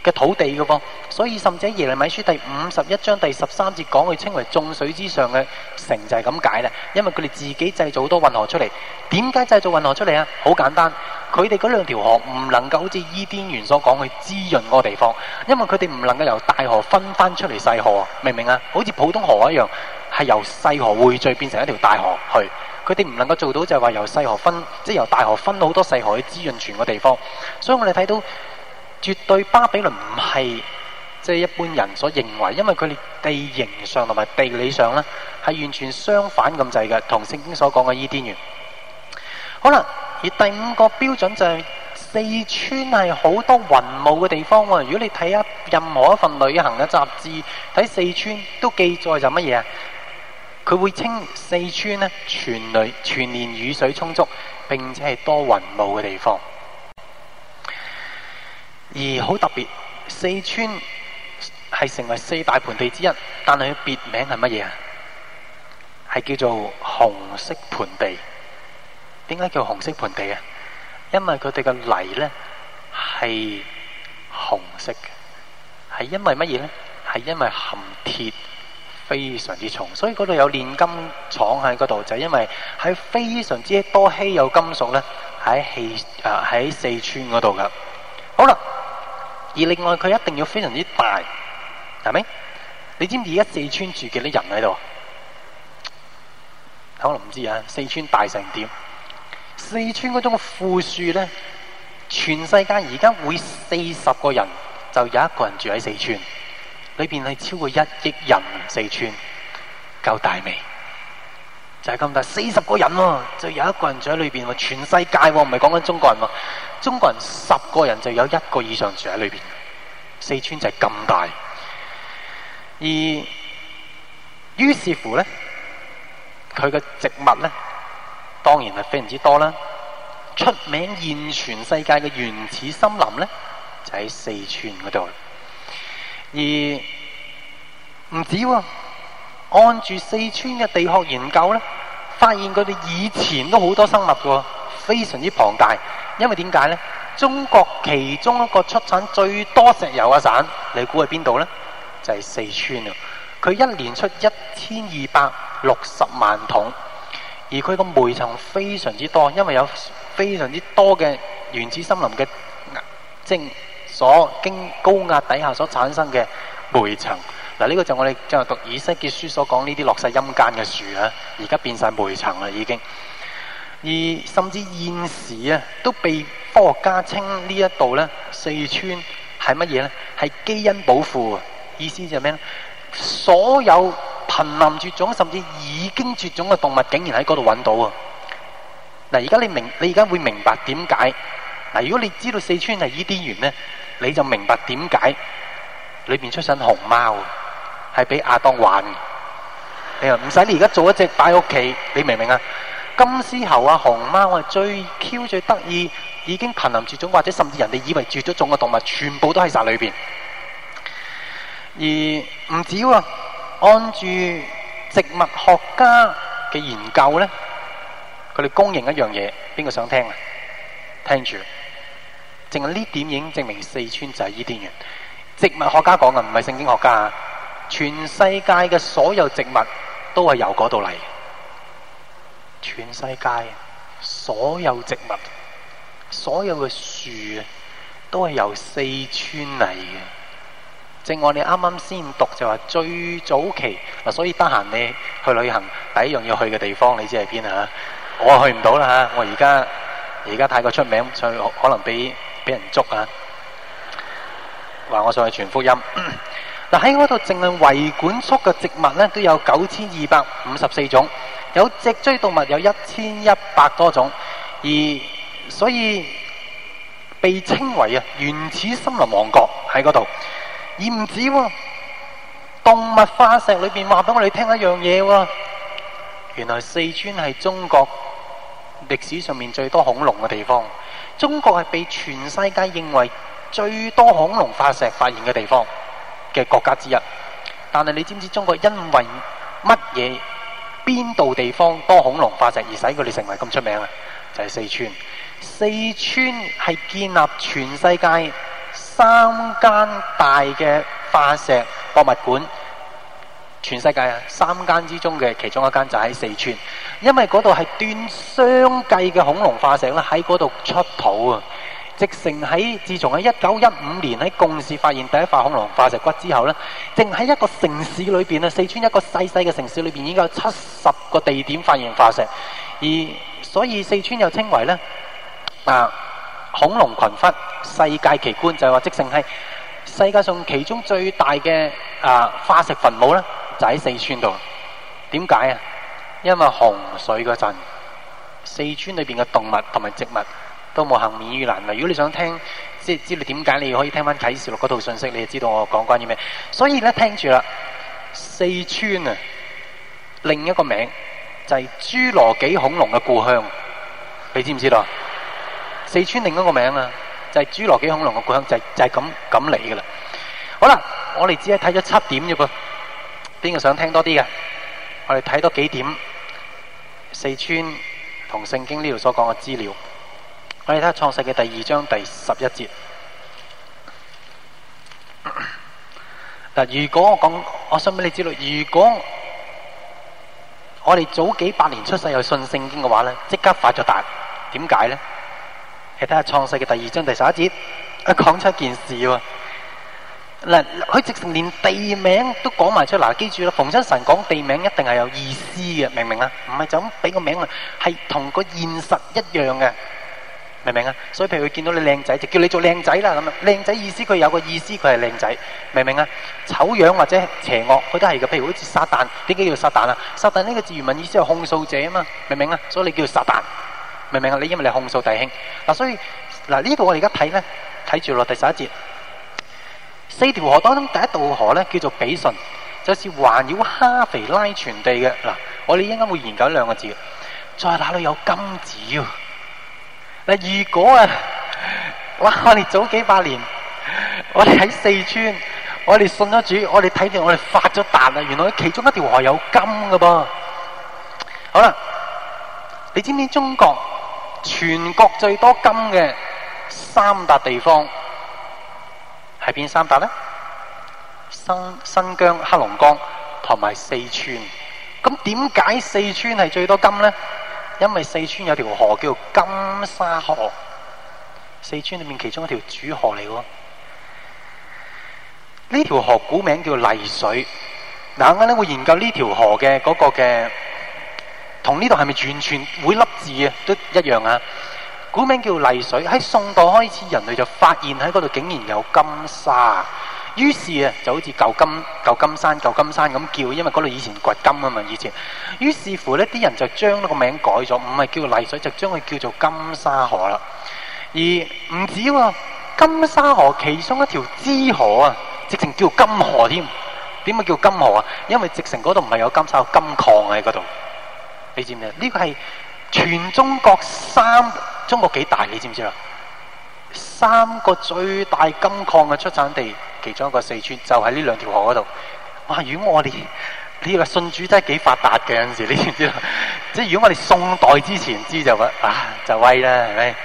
嘅土地嘅噃。所以甚至喺耶利米書第五十一章第十三節講，佢稱為眾水之上嘅城就係咁解啦。因為佢哋自己製造好多運河出嚟，點解製造運河出嚟啊？好簡單，佢哋嗰兩條河唔能夠好似伊甸園所講去滋潤嗰個地方，因為佢哋唔能夠由大河分翻出嚟細河，明唔明啊？好似普通河一樣，係由細河匯聚變成一條大河去。佢哋唔能夠做到就係話由細河分，即係由大河分好多細河去滋潤全個地方，所以我哋睇到絕對巴比倫唔係即係一般人所認為，因為佢哋地形上同埋地理上呢係完全相反咁滯嘅，同聖經所講嘅伊甸園。好啦，而第五個標準就係四川係好多雲霧嘅地方喎。如果你睇下任何一份旅行嘅雜誌，睇四川都記載就乜嘢啊？佢會稱四川呢，全年全年雨水充足，並且係多雲霧嘅地方。而好特別，四川係成為四大盆地之一，但係佢別名係乜嘢啊？係叫做紅色盆地。點解叫紅色盆地啊？因為佢哋嘅泥呢係紅色嘅，係因為乜嘢咧？係因為含鐵。非常之重，所以嗰度有煉金廠喺嗰度，就係因為喺非常之多稀有金屬咧，喺四啊喺四川嗰度噶。好啦，而另外佢一定要非常之大，係咪？你知唔知而家四川住幾多人喺度？可能唔知啊。四川大成點？四川嗰種富庶咧，全世界而家會四十個人就有一個人住喺四川。裏邊係超過一億人，四川夠大未？就係、是、咁大，四十個人、啊、就有一個人住喺裏邊。全世界唔係講緊中國人嘛，中國人十個人就有一個以上住喺裏邊。四川就係咁大，而於是乎呢，佢嘅植物呢，當然係非常之多啦。出名現全世界嘅原始森林呢，就喺四川嗰度。而唔止喎、啊，按住四川嘅地殼研究呢，發現佢哋以前都好多生物噶，非常之龐大。因為點解呢？中國其中一個出產最多石油嘅省，你估係邊度呢？就係、是、四川啊！佢一年出一千二百六十萬桶，而佢個煤層非常之多，因為有非常之多嘅原始森林嘅晶。啊所經高壓底下所產生嘅煤層，嗱、這、呢個就我哋將來讀以西結書所講呢啲落晒陰間嘅樹啊，而家變晒煤層啦已經了，而甚至現時啊，都被科學家稱呢一度呢四川係乜嘢呢？係基因保護，意思就咩咧？所有瀕臨絕種甚至已經絕種嘅動物，竟然喺嗰度揾到啊！嗱，而家你明，你而家會明白點解？嗱，如果你知道四川係伊甸園呢。你就明白點解裏面出身熊貓係俾亞當玩嘅？你話唔使你而家做一隻擺喺屋企，你明唔明啊？金絲猴啊、熊貓啊，最 Q 最得意，已經瀕臨絕種，或者甚至人哋以為絕咗種嘅動物，全部都喺晒裏邊。而唔止喎，按住植物學家嘅研究咧，佢哋公認一樣嘢，邊個想聽啊？聽住。淨係呢點已經證明四川就係伊甸園。植物學家講嘅唔係聖經學家，全世界嘅所有植物都係由嗰度嚟。全世界所有植物、所有嘅樹都係由四川嚟嘅。正我哋啱啱先讀就話最早期嗱，所以得閒你去旅行第一樣要去嘅地方，你知係邊啊？我去唔到啦吓，我而家而家太過出名，所以可能俾。俾人捉啊！話我上去傳福音。嗱喺嗰度淨係維管束嘅植物咧都有九千二百五十四種，有脊椎動物有一千一百多種，而所以被稱為啊原始森林王國喺嗰度，而唔止、啊、動物化石裏邊話俾我哋聽一樣嘢喎，原來四川係中國，歷史上面最多恐龍嘅地方，中國係被全世界認為最多恐龍化石發現嘅地方嘅國家之一。但係你知唔知中國因為乜嘢邊度地方多恐龍化石而使佢哋成為咁出名啊？就係四川。四川係建立全世界三間大嘅化石博物館。全世界啊，三間之中嘅其中一間就喺四川，因為嗰度係斷相繼嘅恐龍化石咧，喺嗰度出土啊！直成喺，自從喺一九一五年喺共事發現第一塊恐龍化石骨之後呢，淨喺一個城市裏面。啊，四川一個細細嘅城市裏面已經有七十個地點發現化石，而所以四川又稱為呢啊，恐龍群窟世界奇觀，就係話直成係世界上其中最大嘅啊化石墳墓咧。仔就喺四川度，點解啊？因為洪水嗰陣，四川裏邊嘅動物同埋植物都冇幸免於難啊！如果你想聽，即係知道點解，你可以聽翻啟示錄嗰套信息，你就知道我講關於咩。所以咧，聽住啦，四川啊，另一個名就係侏羅紀恐龍嘅故鄉，你知唔知道？四川另一個名啊，就係侏羅紀恐龍嘅故鄉，就係、就係咁咁嚟噶啦。好啦，我哋只係睇咗七點啫噃。邊個想聽多啲嘅？我哋睇多幾點四川同聖經呢度所講嘅資料。我哋睇下創世嘅第二章第十一節。嗱， *coughs* 如果我講，我想俾你知道，如果我哋早幾百年出世又信聖經嘅話咧，即刻發咗達。點解咧？你睇下創世嘅第二章第十一節，出一講出一件事喎。嗱，佢直情連地名都講埋出嚟，嗱，記住啦，凡係神講地名一定係有意思嘅，明唔明啊？唔係就咁俾個名啊，係同個現實一樣嘅，明唔明啊？所以譬如佢見到你靚仔，就叫你做靚仔啦，咁啊，靚仔意思佢有個意思，佢係靚仔，明唔明啊？醜樣或者邪惡，佢都係嘅。譬如好似撒旦，點解叫撒旦啊？撒旦呢個字原文意思係控訴者啊嘛，明唔明啊？所以你叫做撒旦，明唔明啊？你因為你控訴弟兄，嗱，所以嗱呢度我而家睇咧，睇住落第十一節。四條河當中第一道河咧，叫做比遜，就是環繞哈腓拉全地嘅，嗱，我哋應該會研究兩個字，在那裏有金子。嗱，如果啊，哇！我哋早幾百年，我哋喺四川，我哋信咗主，我哋睇住，我哋發咗達啦。原來其中一條河有金嘅噃。好啦，你知唔知中國全國最多金嘅三笪地方？係邊三百咧？新新疆、黑龍江同埋四川。咁點解四川係最多金咧？因為四川有條河叫金沙河，四川裏面其中一條主河嚟喎。呢條河古名叫泥水。嗱，啱啱會研究呢條河嘅嗰個嘅，同呢度係咪完全會粒字啊？都一樣啊！古名叫麗水，喺宋代開始，人類就發現喺嗰度竟然有金沙，於是啊，就好似舊金、舊金山、舊金山咁叫，因為嗰度以前掘金啊嘛，以前。於是乎呢，啲人就將呢個名改咗，唔係叫麗水，就將佢叫做金沙河啦。而唔止喎，金沙河其中一條支河啊，直情叫金河添。點解叫金河啊？因為直情嗰度唔係有金沙，有金礦喺嗰度。你知唔知啊？呢個係全中國三。中國幾大你知唔知啊？三個最大金礦嘅出產地，其中一個四川就喺呢兩條河嗰度。哇、啊！如果我哋你話信主真係幾發達嘅陣時，你知唔知啊？即係如果我哋宋代之前知就啊就威啦，係咪？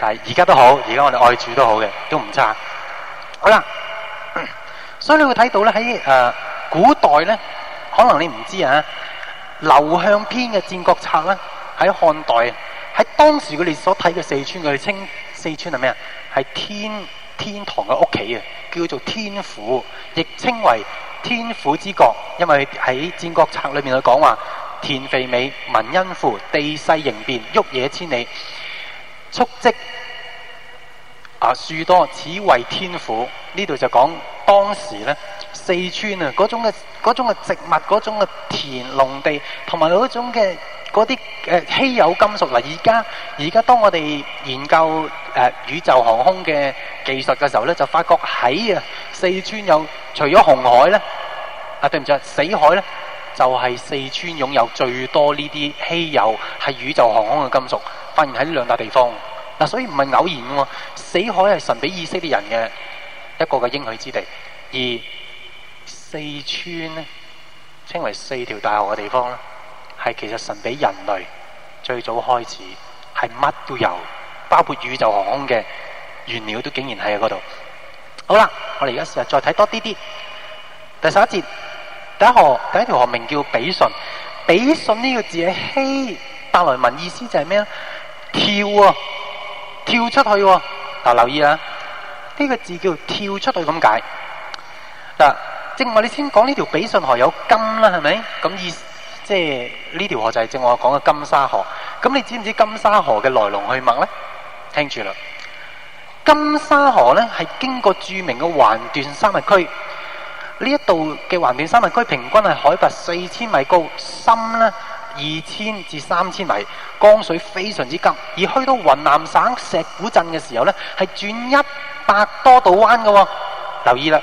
但係而家都好，而家我哋愛主都好嘅，都唔差。好啦，所以你會睇到咧喺誒古代咧，可能你唔知啊。劉向編嘅《戰國策》咧喺漢代。喺當時佢哋所睇嘅四川，佢哋稱四川係咩啊？係天天堂嘅屋企嘅，叫做天府，亦稱為天府之國。因為喺《戰國策》裏面去講話：田肥美，民殷富，地勢形便，沃野千里，蓄積啊，樹多，此為天府。呢度就講當時呢四川啊嗰種嘅嗰種嘅植物，嗰種嘅田農地，同埋嗰種嘅。嗰啲誒稀有金屬嗱，而家而家當我哋研究誒宇宙航空嘅技術嘅時候咧，就發覺喺啊四川有除咗紅海咧，啊對唔住，死海咧就係四川擁有最多呢啲稀有係宇宙航空嘅金屬，發現喺呢兩笪地方嗱，所以唔係偶然嘅喎，死海係神俾以色列人嘅一個嘅應許之地，而四川呢稱為四條大河嘅地方啦。係其實神俾人類最早開始係乜都有，包括宇宙航空嘅原料，都竟然喺嗰度。好啦，我哋而家試下再睇多啲啲。第十一節，第一行第一條河名叫比遜，比遜呢個字係希伯來文意思就係咩咧？跳啊，跳出去，啊！嗱，啊，留意啊，呢，這個字叫跳出去咁解。嗱，啊，即係我哋先講呢條比遜河有金啦，啊，係咪？咁意思。即係呢條河就係正我講嘅金沙河，咁你知唔知金沙河嘅來龍去脈呢？聽住啦，金沙河呢係經過著名嘅橫斷山脈區，呢一度嘅橫斷山脈區平均係海拔四千米高，深呢二千至三千米，江水非常之急。而去到雲南省石鼓鎮嘅時候呢，係轉一百多度彎㗎嘅，留意啦。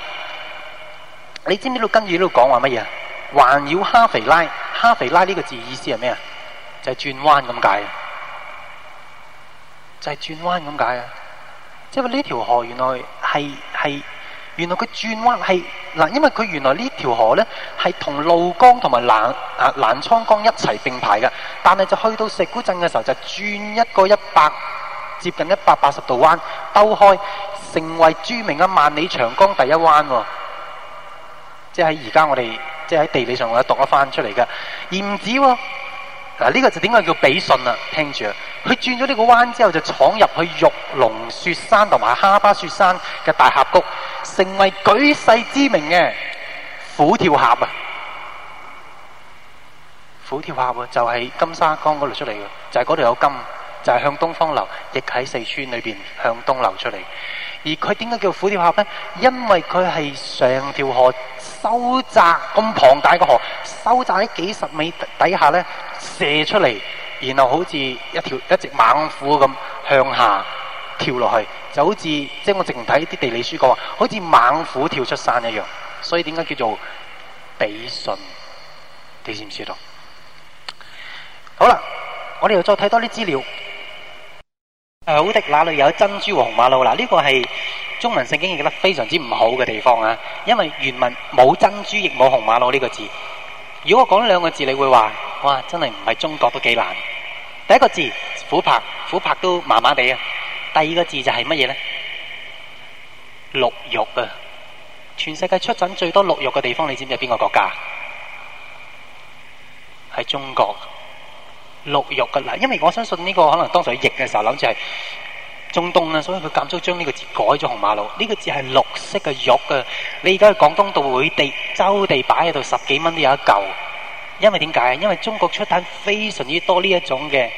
你知唔知道跟住呢度講話乜嘢？環繞哈肥拉，哈肥拉呢個字意思係咩啊？就係、是、轉彎咁解，就係轉彎咁解啊！因為呢條河原來係係，原來佢轉彎係嗱，因為佢原來呢條河咧係同怒江同埋瀾啊瀾滄江一齊並排嘅，但係就去到石鼓鎮嘅時候就轉一個一百接近一百八十度彎，兜開成為著名嘅萬里長江第一彎喎。即係喺而家我哋。即係喺地理上，我讀了一翻出嚟嘅，而唔止喎。嗱，呢個就點解叫比信啦，啊？聽住，佢轉咗呢個彎之後，就闖入去玉龍雪山同埋哈巴雪山嘅大峽谷，成為舉世之名嘅虎，虎跳峽啊！虎跳峽就喺，是，金沙江嗰度出嚟嘅，就係嗰度有金，就係，是，向東方流，亦喺四川裏邊向東流出嚟。而佢點解叫虎跳峽呢？因為佢係成條河收窄咁龐大個河，收窄喺幾十米底下呢，射出嚟，然後好似一條一隻猛虎咁向下跳落去，就好似即係我淨睇啲地理書講話，好似猛虎跳出山一樣。所以點解叫做比順？你知唔知道？好啦，我哋又再睇多啲資料。好、呃、的，哪裏有珍珠和紅瑪瑙。嗱，呢個係中文聖經譯得非常之唔好嘅地方啊！因為原文冇珍珠，亦冇紅瑪瑙呢個字。如果我講兩個字，你會話：哇，真係唔係中國都幾難。第一個字琥珀，琥珀都麻麻地啊。第二個字就係乜嘢咧？綠玉啊！全世界出產最多綠玉嘅地方，你知唔知係邊個國家？係中國。綠玉噶啦，因為我相信呢個可能當時佢譯嘅時候諗住係中東啊，所以佢減速將呢個字改咗紅馬路。呢個字係綠色嘅玉嘅，你而家去廣東到會地周地擺喺度十幾蚊都有一嚿。因為點解？因為中國出產非常之多呢一種嘅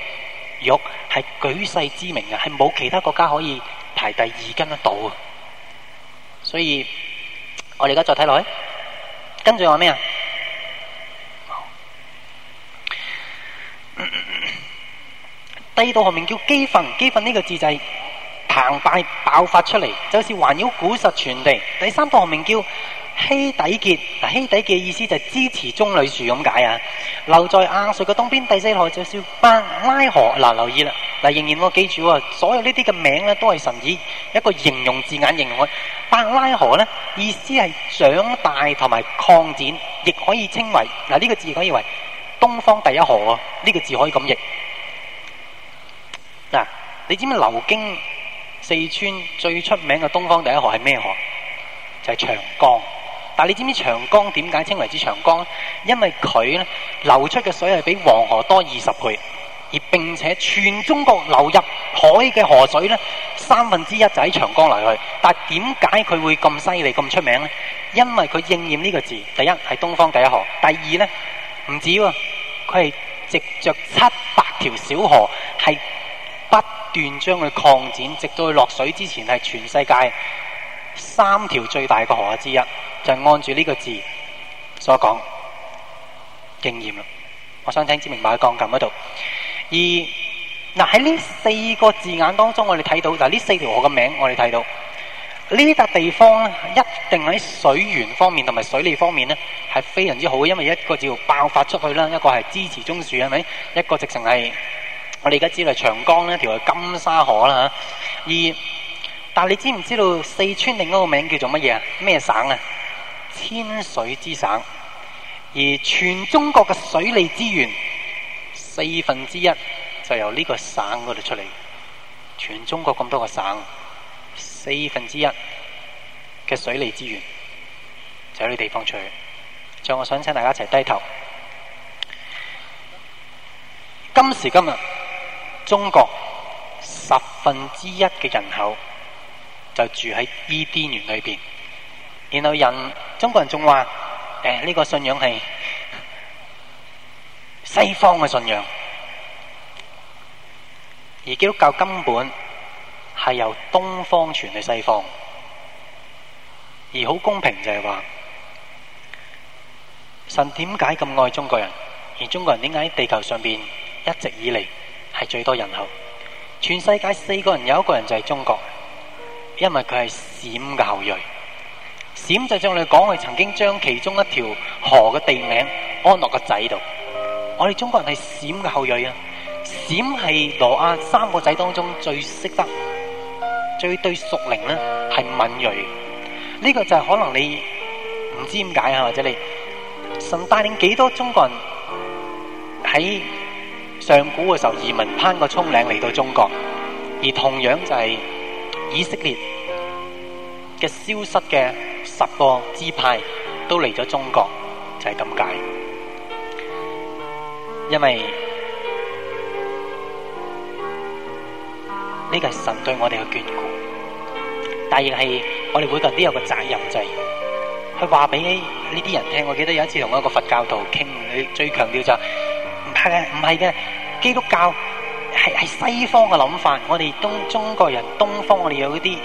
玉係舉世知名嘅，係冇其他國家可以排第二跟得到。所以我哋而家再睇落去，跟住話咩啊？第二道河名叫基訓，基訓呢個字就係澎湃爆發出嚟，就好似「環繞古實全地。第三道河名叫希底結，嗱希底結意思就係支持棕櫚樹咁解啊。留在亞述嘅東邊，第四河就叫伯拉河。嗱，留意啦，嗱仍然我記住，所有呢啲嘅名咧都係神以一個形容字眼形容。嘅「伯拉河咧，意思係長大同埋擴展，亦可以稱為嗱呢、這個字也可以為。東方第一河喎，呢個字可以咁譯。嗱，你知唔知流經四川最出名嘅東方第一河係咩河？就係長江。但係你知唔知長江點解稱為之長江呢？因為佢流出嘅水係比黃河多二十倍，而並且全中國流入海嘅河水呢，三分之一就喺長江流去。但係點解佢會咁犀利咁出名呢？因為佢應驗呢個字，第一係東方第一河，第二呢。唔止喎，佢係直著七百條小河，係不斷將佢擴展，直到佢落水之前，係全世界三條最大嘅河之一。就係按住呢個字所講，經驗啦！我想聽知明白喺鋼琴嗰度。而嗱喺呢四個字眼當中，我哋睇到嗱呢、就是、四條河嘅名，我哋睇到。呢笪地方咧，一定喺水源方面同埋水利方面咧，係非常之好嘅。因為一個叫爆發出去啦，一個係支持中樹，係咪？一個直情係我哋而家知道，長江呢條係金沙河啦吓。而但係你知唔知道四川另一個名叫做乜嘢啊？咩省啊？千水之省。而全中國嘅水利資源四分之一就由呢個省嗰度出嚟。全中國咁多個省。四分之一嘅水利資源就喺呢地方出去，就我想請大家一齊低頭。今時今日，中國十分之一嘅人口就住喺伊甸園裏邊，然後人中國人仲話：誒、欸，呢、這個信仰係西方嘅信仰，而基督教根本。係由東方傳去西方，而好公平就係話，神點解咁愛中國人？而中國人點解喺地球上邊一直以嚟係最多人口？全世界四個人有一個人就係中國，因為佢係閃嘅後裔。閃就將我哋講佢曾經將其中一條河嘅地名安落個仔度。我哋中國人係閃嘅後裔啊！閃係羅亞三個仔當中最識得。最對屬靈呢係敏銳，呢個就係可能你唔知點解啊，或者你神帶領幾多中國人喺上古嘅時候移民攀過蔥嶺嚟到中國，而同樣就係以色列嘅消失嘅十個支派都嚟咗中國，就係咁解，因為。呢個係神對我哋嘅眷顧，但亦係我哋每個人都有個責任制，係佢話俾呢啲人聽。我記得有一次同一個佛教徒傾，佢最強調就唔係嘅，唔係嘅。基督教係係西方嘅諗法，我哋東中國人東方，我哋有啲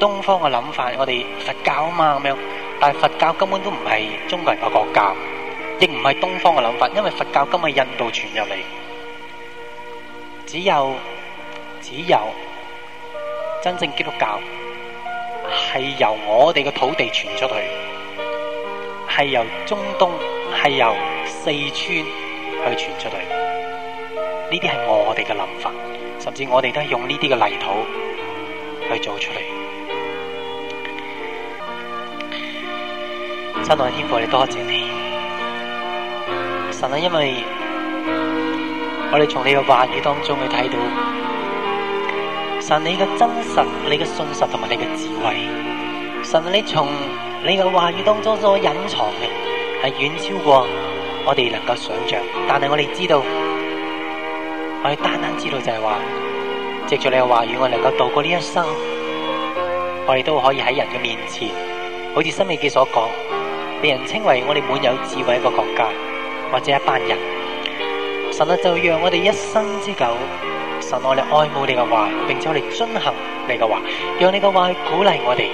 東方嘅諗法，我哋佛教啊嘛咁樣。但係佛教根本都唔係中國人嘅國教，亦唔係東方嘅諗法，因為佛教根本印度傳入嚟。只有只有。真正基督教係由我哋嘅土地傳出去，係由中東，係由四川去傳出去。呢啲係我哋嘅諗法，甚至我哋都係用呢啲嘅泥土去做出嚟。親愛天父，你多謝你。神啊，因為我哋從你嘅話語當中去睇到。神你嘅真實，你嘅信實同埋你嘅智慧，神你從你嘅話語當中所隱藏嘅，係遠超過我哋能夠想象。但係我哋知道，我哋單單知道就係話，藉住你嘅話語，我哋能夠度過呢一生，我哋都可以喺人嘅面前，好似申命記所講，被人稱為我哋滿有智慧一個國家或者一班人。神啊！就讓我哋一生之久。神我哋，愛慕你嘅話，並且我哋遵行你嘅話，讓你嘅話去鼓勵我哋，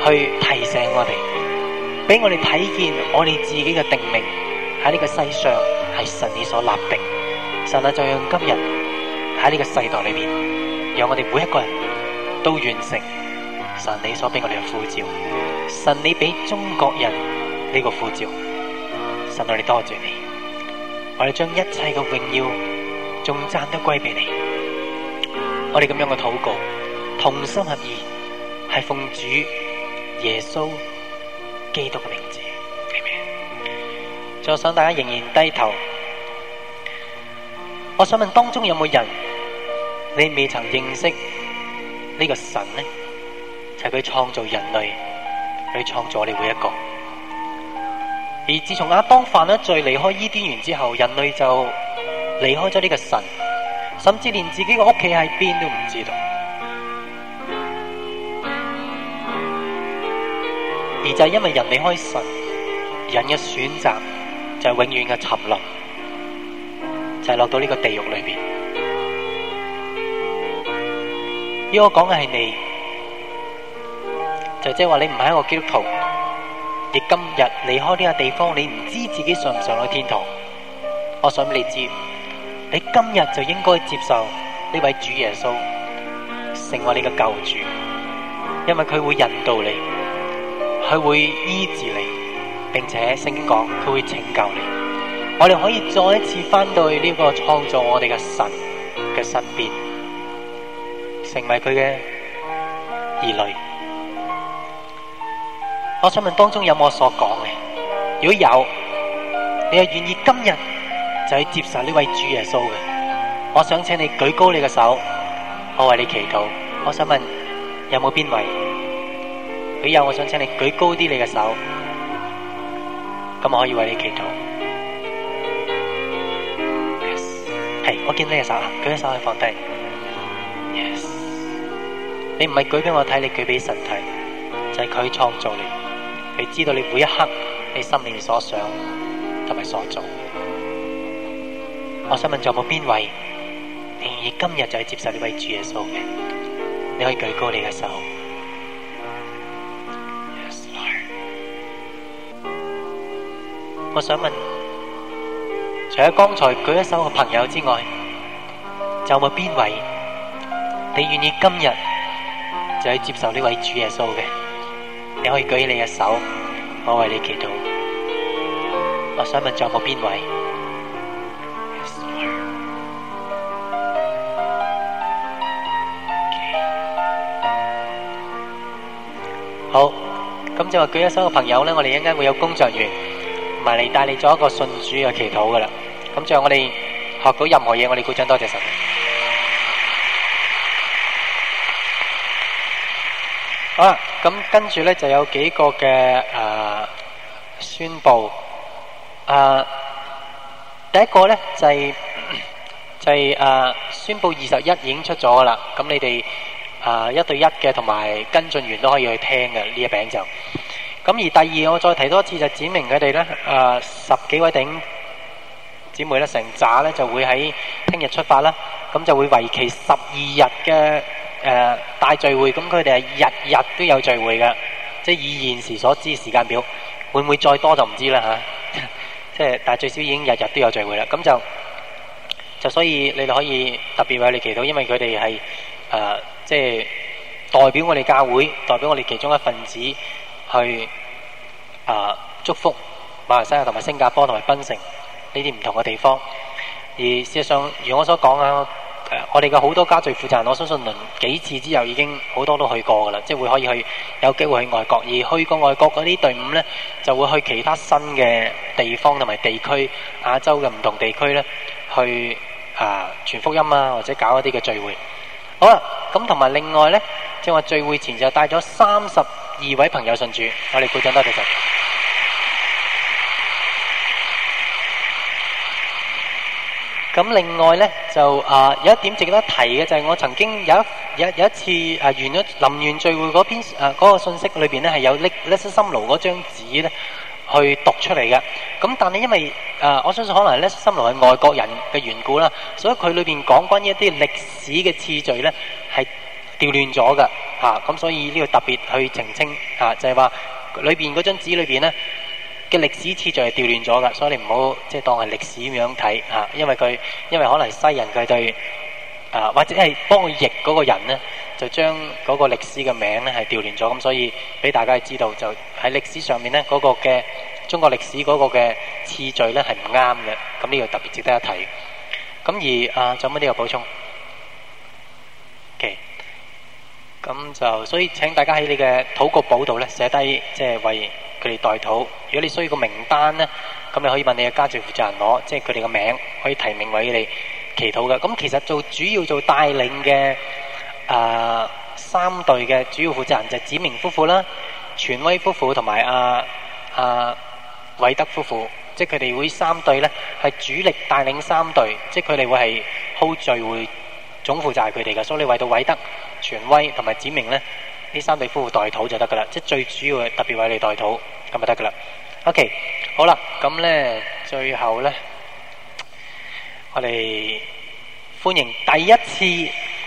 去提醒我哋，俾我哋睇見我哋自己嘅定命喺呢個世上係神你所立定。神啊，就讓今日喺呢個世代裏邊，讓我哋每一個人都完成神你所俾我哋嘅呼召。神你俾中國人呢個呼召，神愛你，多謝你，我哋將一切嘅榮耀、頌讚都歸俾你。我哋咁樣嘅禱告，同心合意，係奉主耶穌基督嘅名字。再 Amen 想大家仍然低頭。我想問當中有冇人，你未曾認識呢個神呢？就係佢創造人類，去創造你每一個。而自從亞當犯咗罪離開伊甸園之後，人類就離開咗呢個神。甚至連自己個屋企喺邊都唔知道，而就係因為人離開神，人嘅選擇就係永遠嘅沉淪，就係落到呢個地獄裏邊。而我講嘅係你，就即係話你唔係一個基督徒，你今日離開呢個地方，你唔知自己上唔上到天堂。我想畀你知。你今日就應該接受呢位主耶穌，成為你嘅救主，因為佢會引導你，佢會醫治你，並且聖經講佢會拯救你。我哋可以再一次返到呢個創造我哋嘅神嘅身邊，成為佢嘅兒女。我想問當中有冇所講嘅，如果有，你又願意今日？就係接受呢位主耶穌嘅。我想請你舉高你嘅手，我為你祈禱。我想問有冇邊位？如果有，我想請你舉高啲你嘅手，咁我可以為你祈禱。係、yes. hey，我見到你嘅手，舉起手去放低。Yes. 你唔係舉俾我睇，你舉俾神睇，就係、是、佢創造你，佢知道你每一刻你心裏所想同埋所做。我想問仲有冇邊位你願意今日就去接受呢位主耶穌嘅？你可以舉高你嘅手。Yes, Lord. 我想問，除咗剛才舉一手嘅朋友之外，仲有冇邊位你願意今日就去接受呢位主耶穌嘅？你可以舉起你嘅手，我為你祈禱。我想問仲有冇邊位？好，咁就舉一手嘅朋友咧，我哋一陣會有工作員，埋嚟帶你做一個信主嘅祈禱噶啦。咁就後我哋學到任何嘢，我哋鼓掌多謝神。好啦，咁跟住咧就有幾個嘅誒宣布，誒第一個咧就係就係誒宣布二十一已經出咗噶啦，咁你哋。啊，一對一嘅同埋跟進員都可以去聽嘅呢一餅就，咁而第二我再提多一次就指明佢哋咧，啊十幾位頂姊妹咧成扎咧就會喺聽日出發啦，咁就會為期十二日嘅誒大聚會，咁佢哋係日日都有聚會嘅，即係以現時所知時間表，會唔會再多就唔知啦嚇，即係但係最少已經日日都有聚會啦，咁就就所以你哋可以特別為你祈禱，因為佢哋係啊。即係代表我哋教會，代表我哋其中一份子去啊、呃、祝福馬來西亞同埋新加坡同埋檳城呢啲唔同嘅地方。而事實上，如我所講啊、呃，我哋嘅好多家聚會負責人，我相信輪幾次之後，已經好多都去過噶啦，即係會可以去有機會去外國，而去過外國嗰啲隊伍咧，就會去其他新嘅地方同埋地區亞洲嘅唔同地區咧，去啊呃、傳福音啊，或者搞一啲嘅聚會。好啦，咁同埋另外咧，正話聚會前就帶咗三十二位朋友信主，我哋鼓掌多謝佢。咁另外咧，就啊有一點值得提嘅就係我曾經有有有一次啊完咗臨完聚會嗰篇啊嗰個信息裏邊咧係有拎《耶穌心路》嗰張紙咧。去讀出嚟嘅，咁但係因為誒、呃，我相信可能咧，森林係外國人嘅緣故啦，所以佢裏邊講緊一啲歷史嘅次序咧係掉亂咗㗎。吓、啊、咁所以呢個特別去澄清吓、啊，就係、是、話裏邊嗰張紙裏邊咧嘅歷史次序係掉亂咗噶，所以你唔好即係當係歷史咁樣睇吓、啊，因為佢因為可能西人佢對啊或者係幫佢譯嗰個人咧。就將嗰個歷史嘅名咧係調亂咗，咁所以俾大家知道，就喺歷史上面咧嗰個嘅中國歷史嗰個嘅次序咧係唔啱嘅，咁呢個特別值得一睇。咁而啊，仲有乜啲嘢補充？OK，咁就所以請大家喺你嘅禱告簿度咧寫低，即係為佢哋代禱。如果你需要個名單咧，咁你可以問你嘅家屬負責人攞，即係佢哋嘅名字可以提名為你祈禱嘅。咁其實做主要做帶領嘅。啊、呃，三隊嘅主要負責人就係子明夫婦啦、權威夫婦同埋阿阿韋德夫婦，即係佢哋會三隊咧，係主力帶領三隊，即係佢哋會係 hold 聚會，總負責係佢哋嘅，所以你為到韋德、權威同埋指明咧，呢三對夫婦代禱就得噶啦，即係最主要嘅，特別為你代禱咁就得噶啦。OK，好啦，咁咧最後咧，我哋歡迎第一次。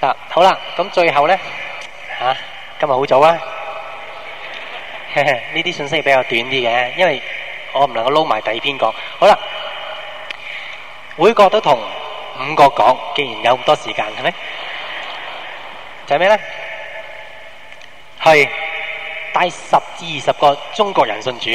嗱，好啦，咁最後呢，嚇，今日好早啊！呢啲信息比較短啲嘅，因為我唔能夠撈埋第二篇講。好啦，每個都同五個講，既然有咁多時間，係咪？就係咩呢？係帶十至二十個中國人信主。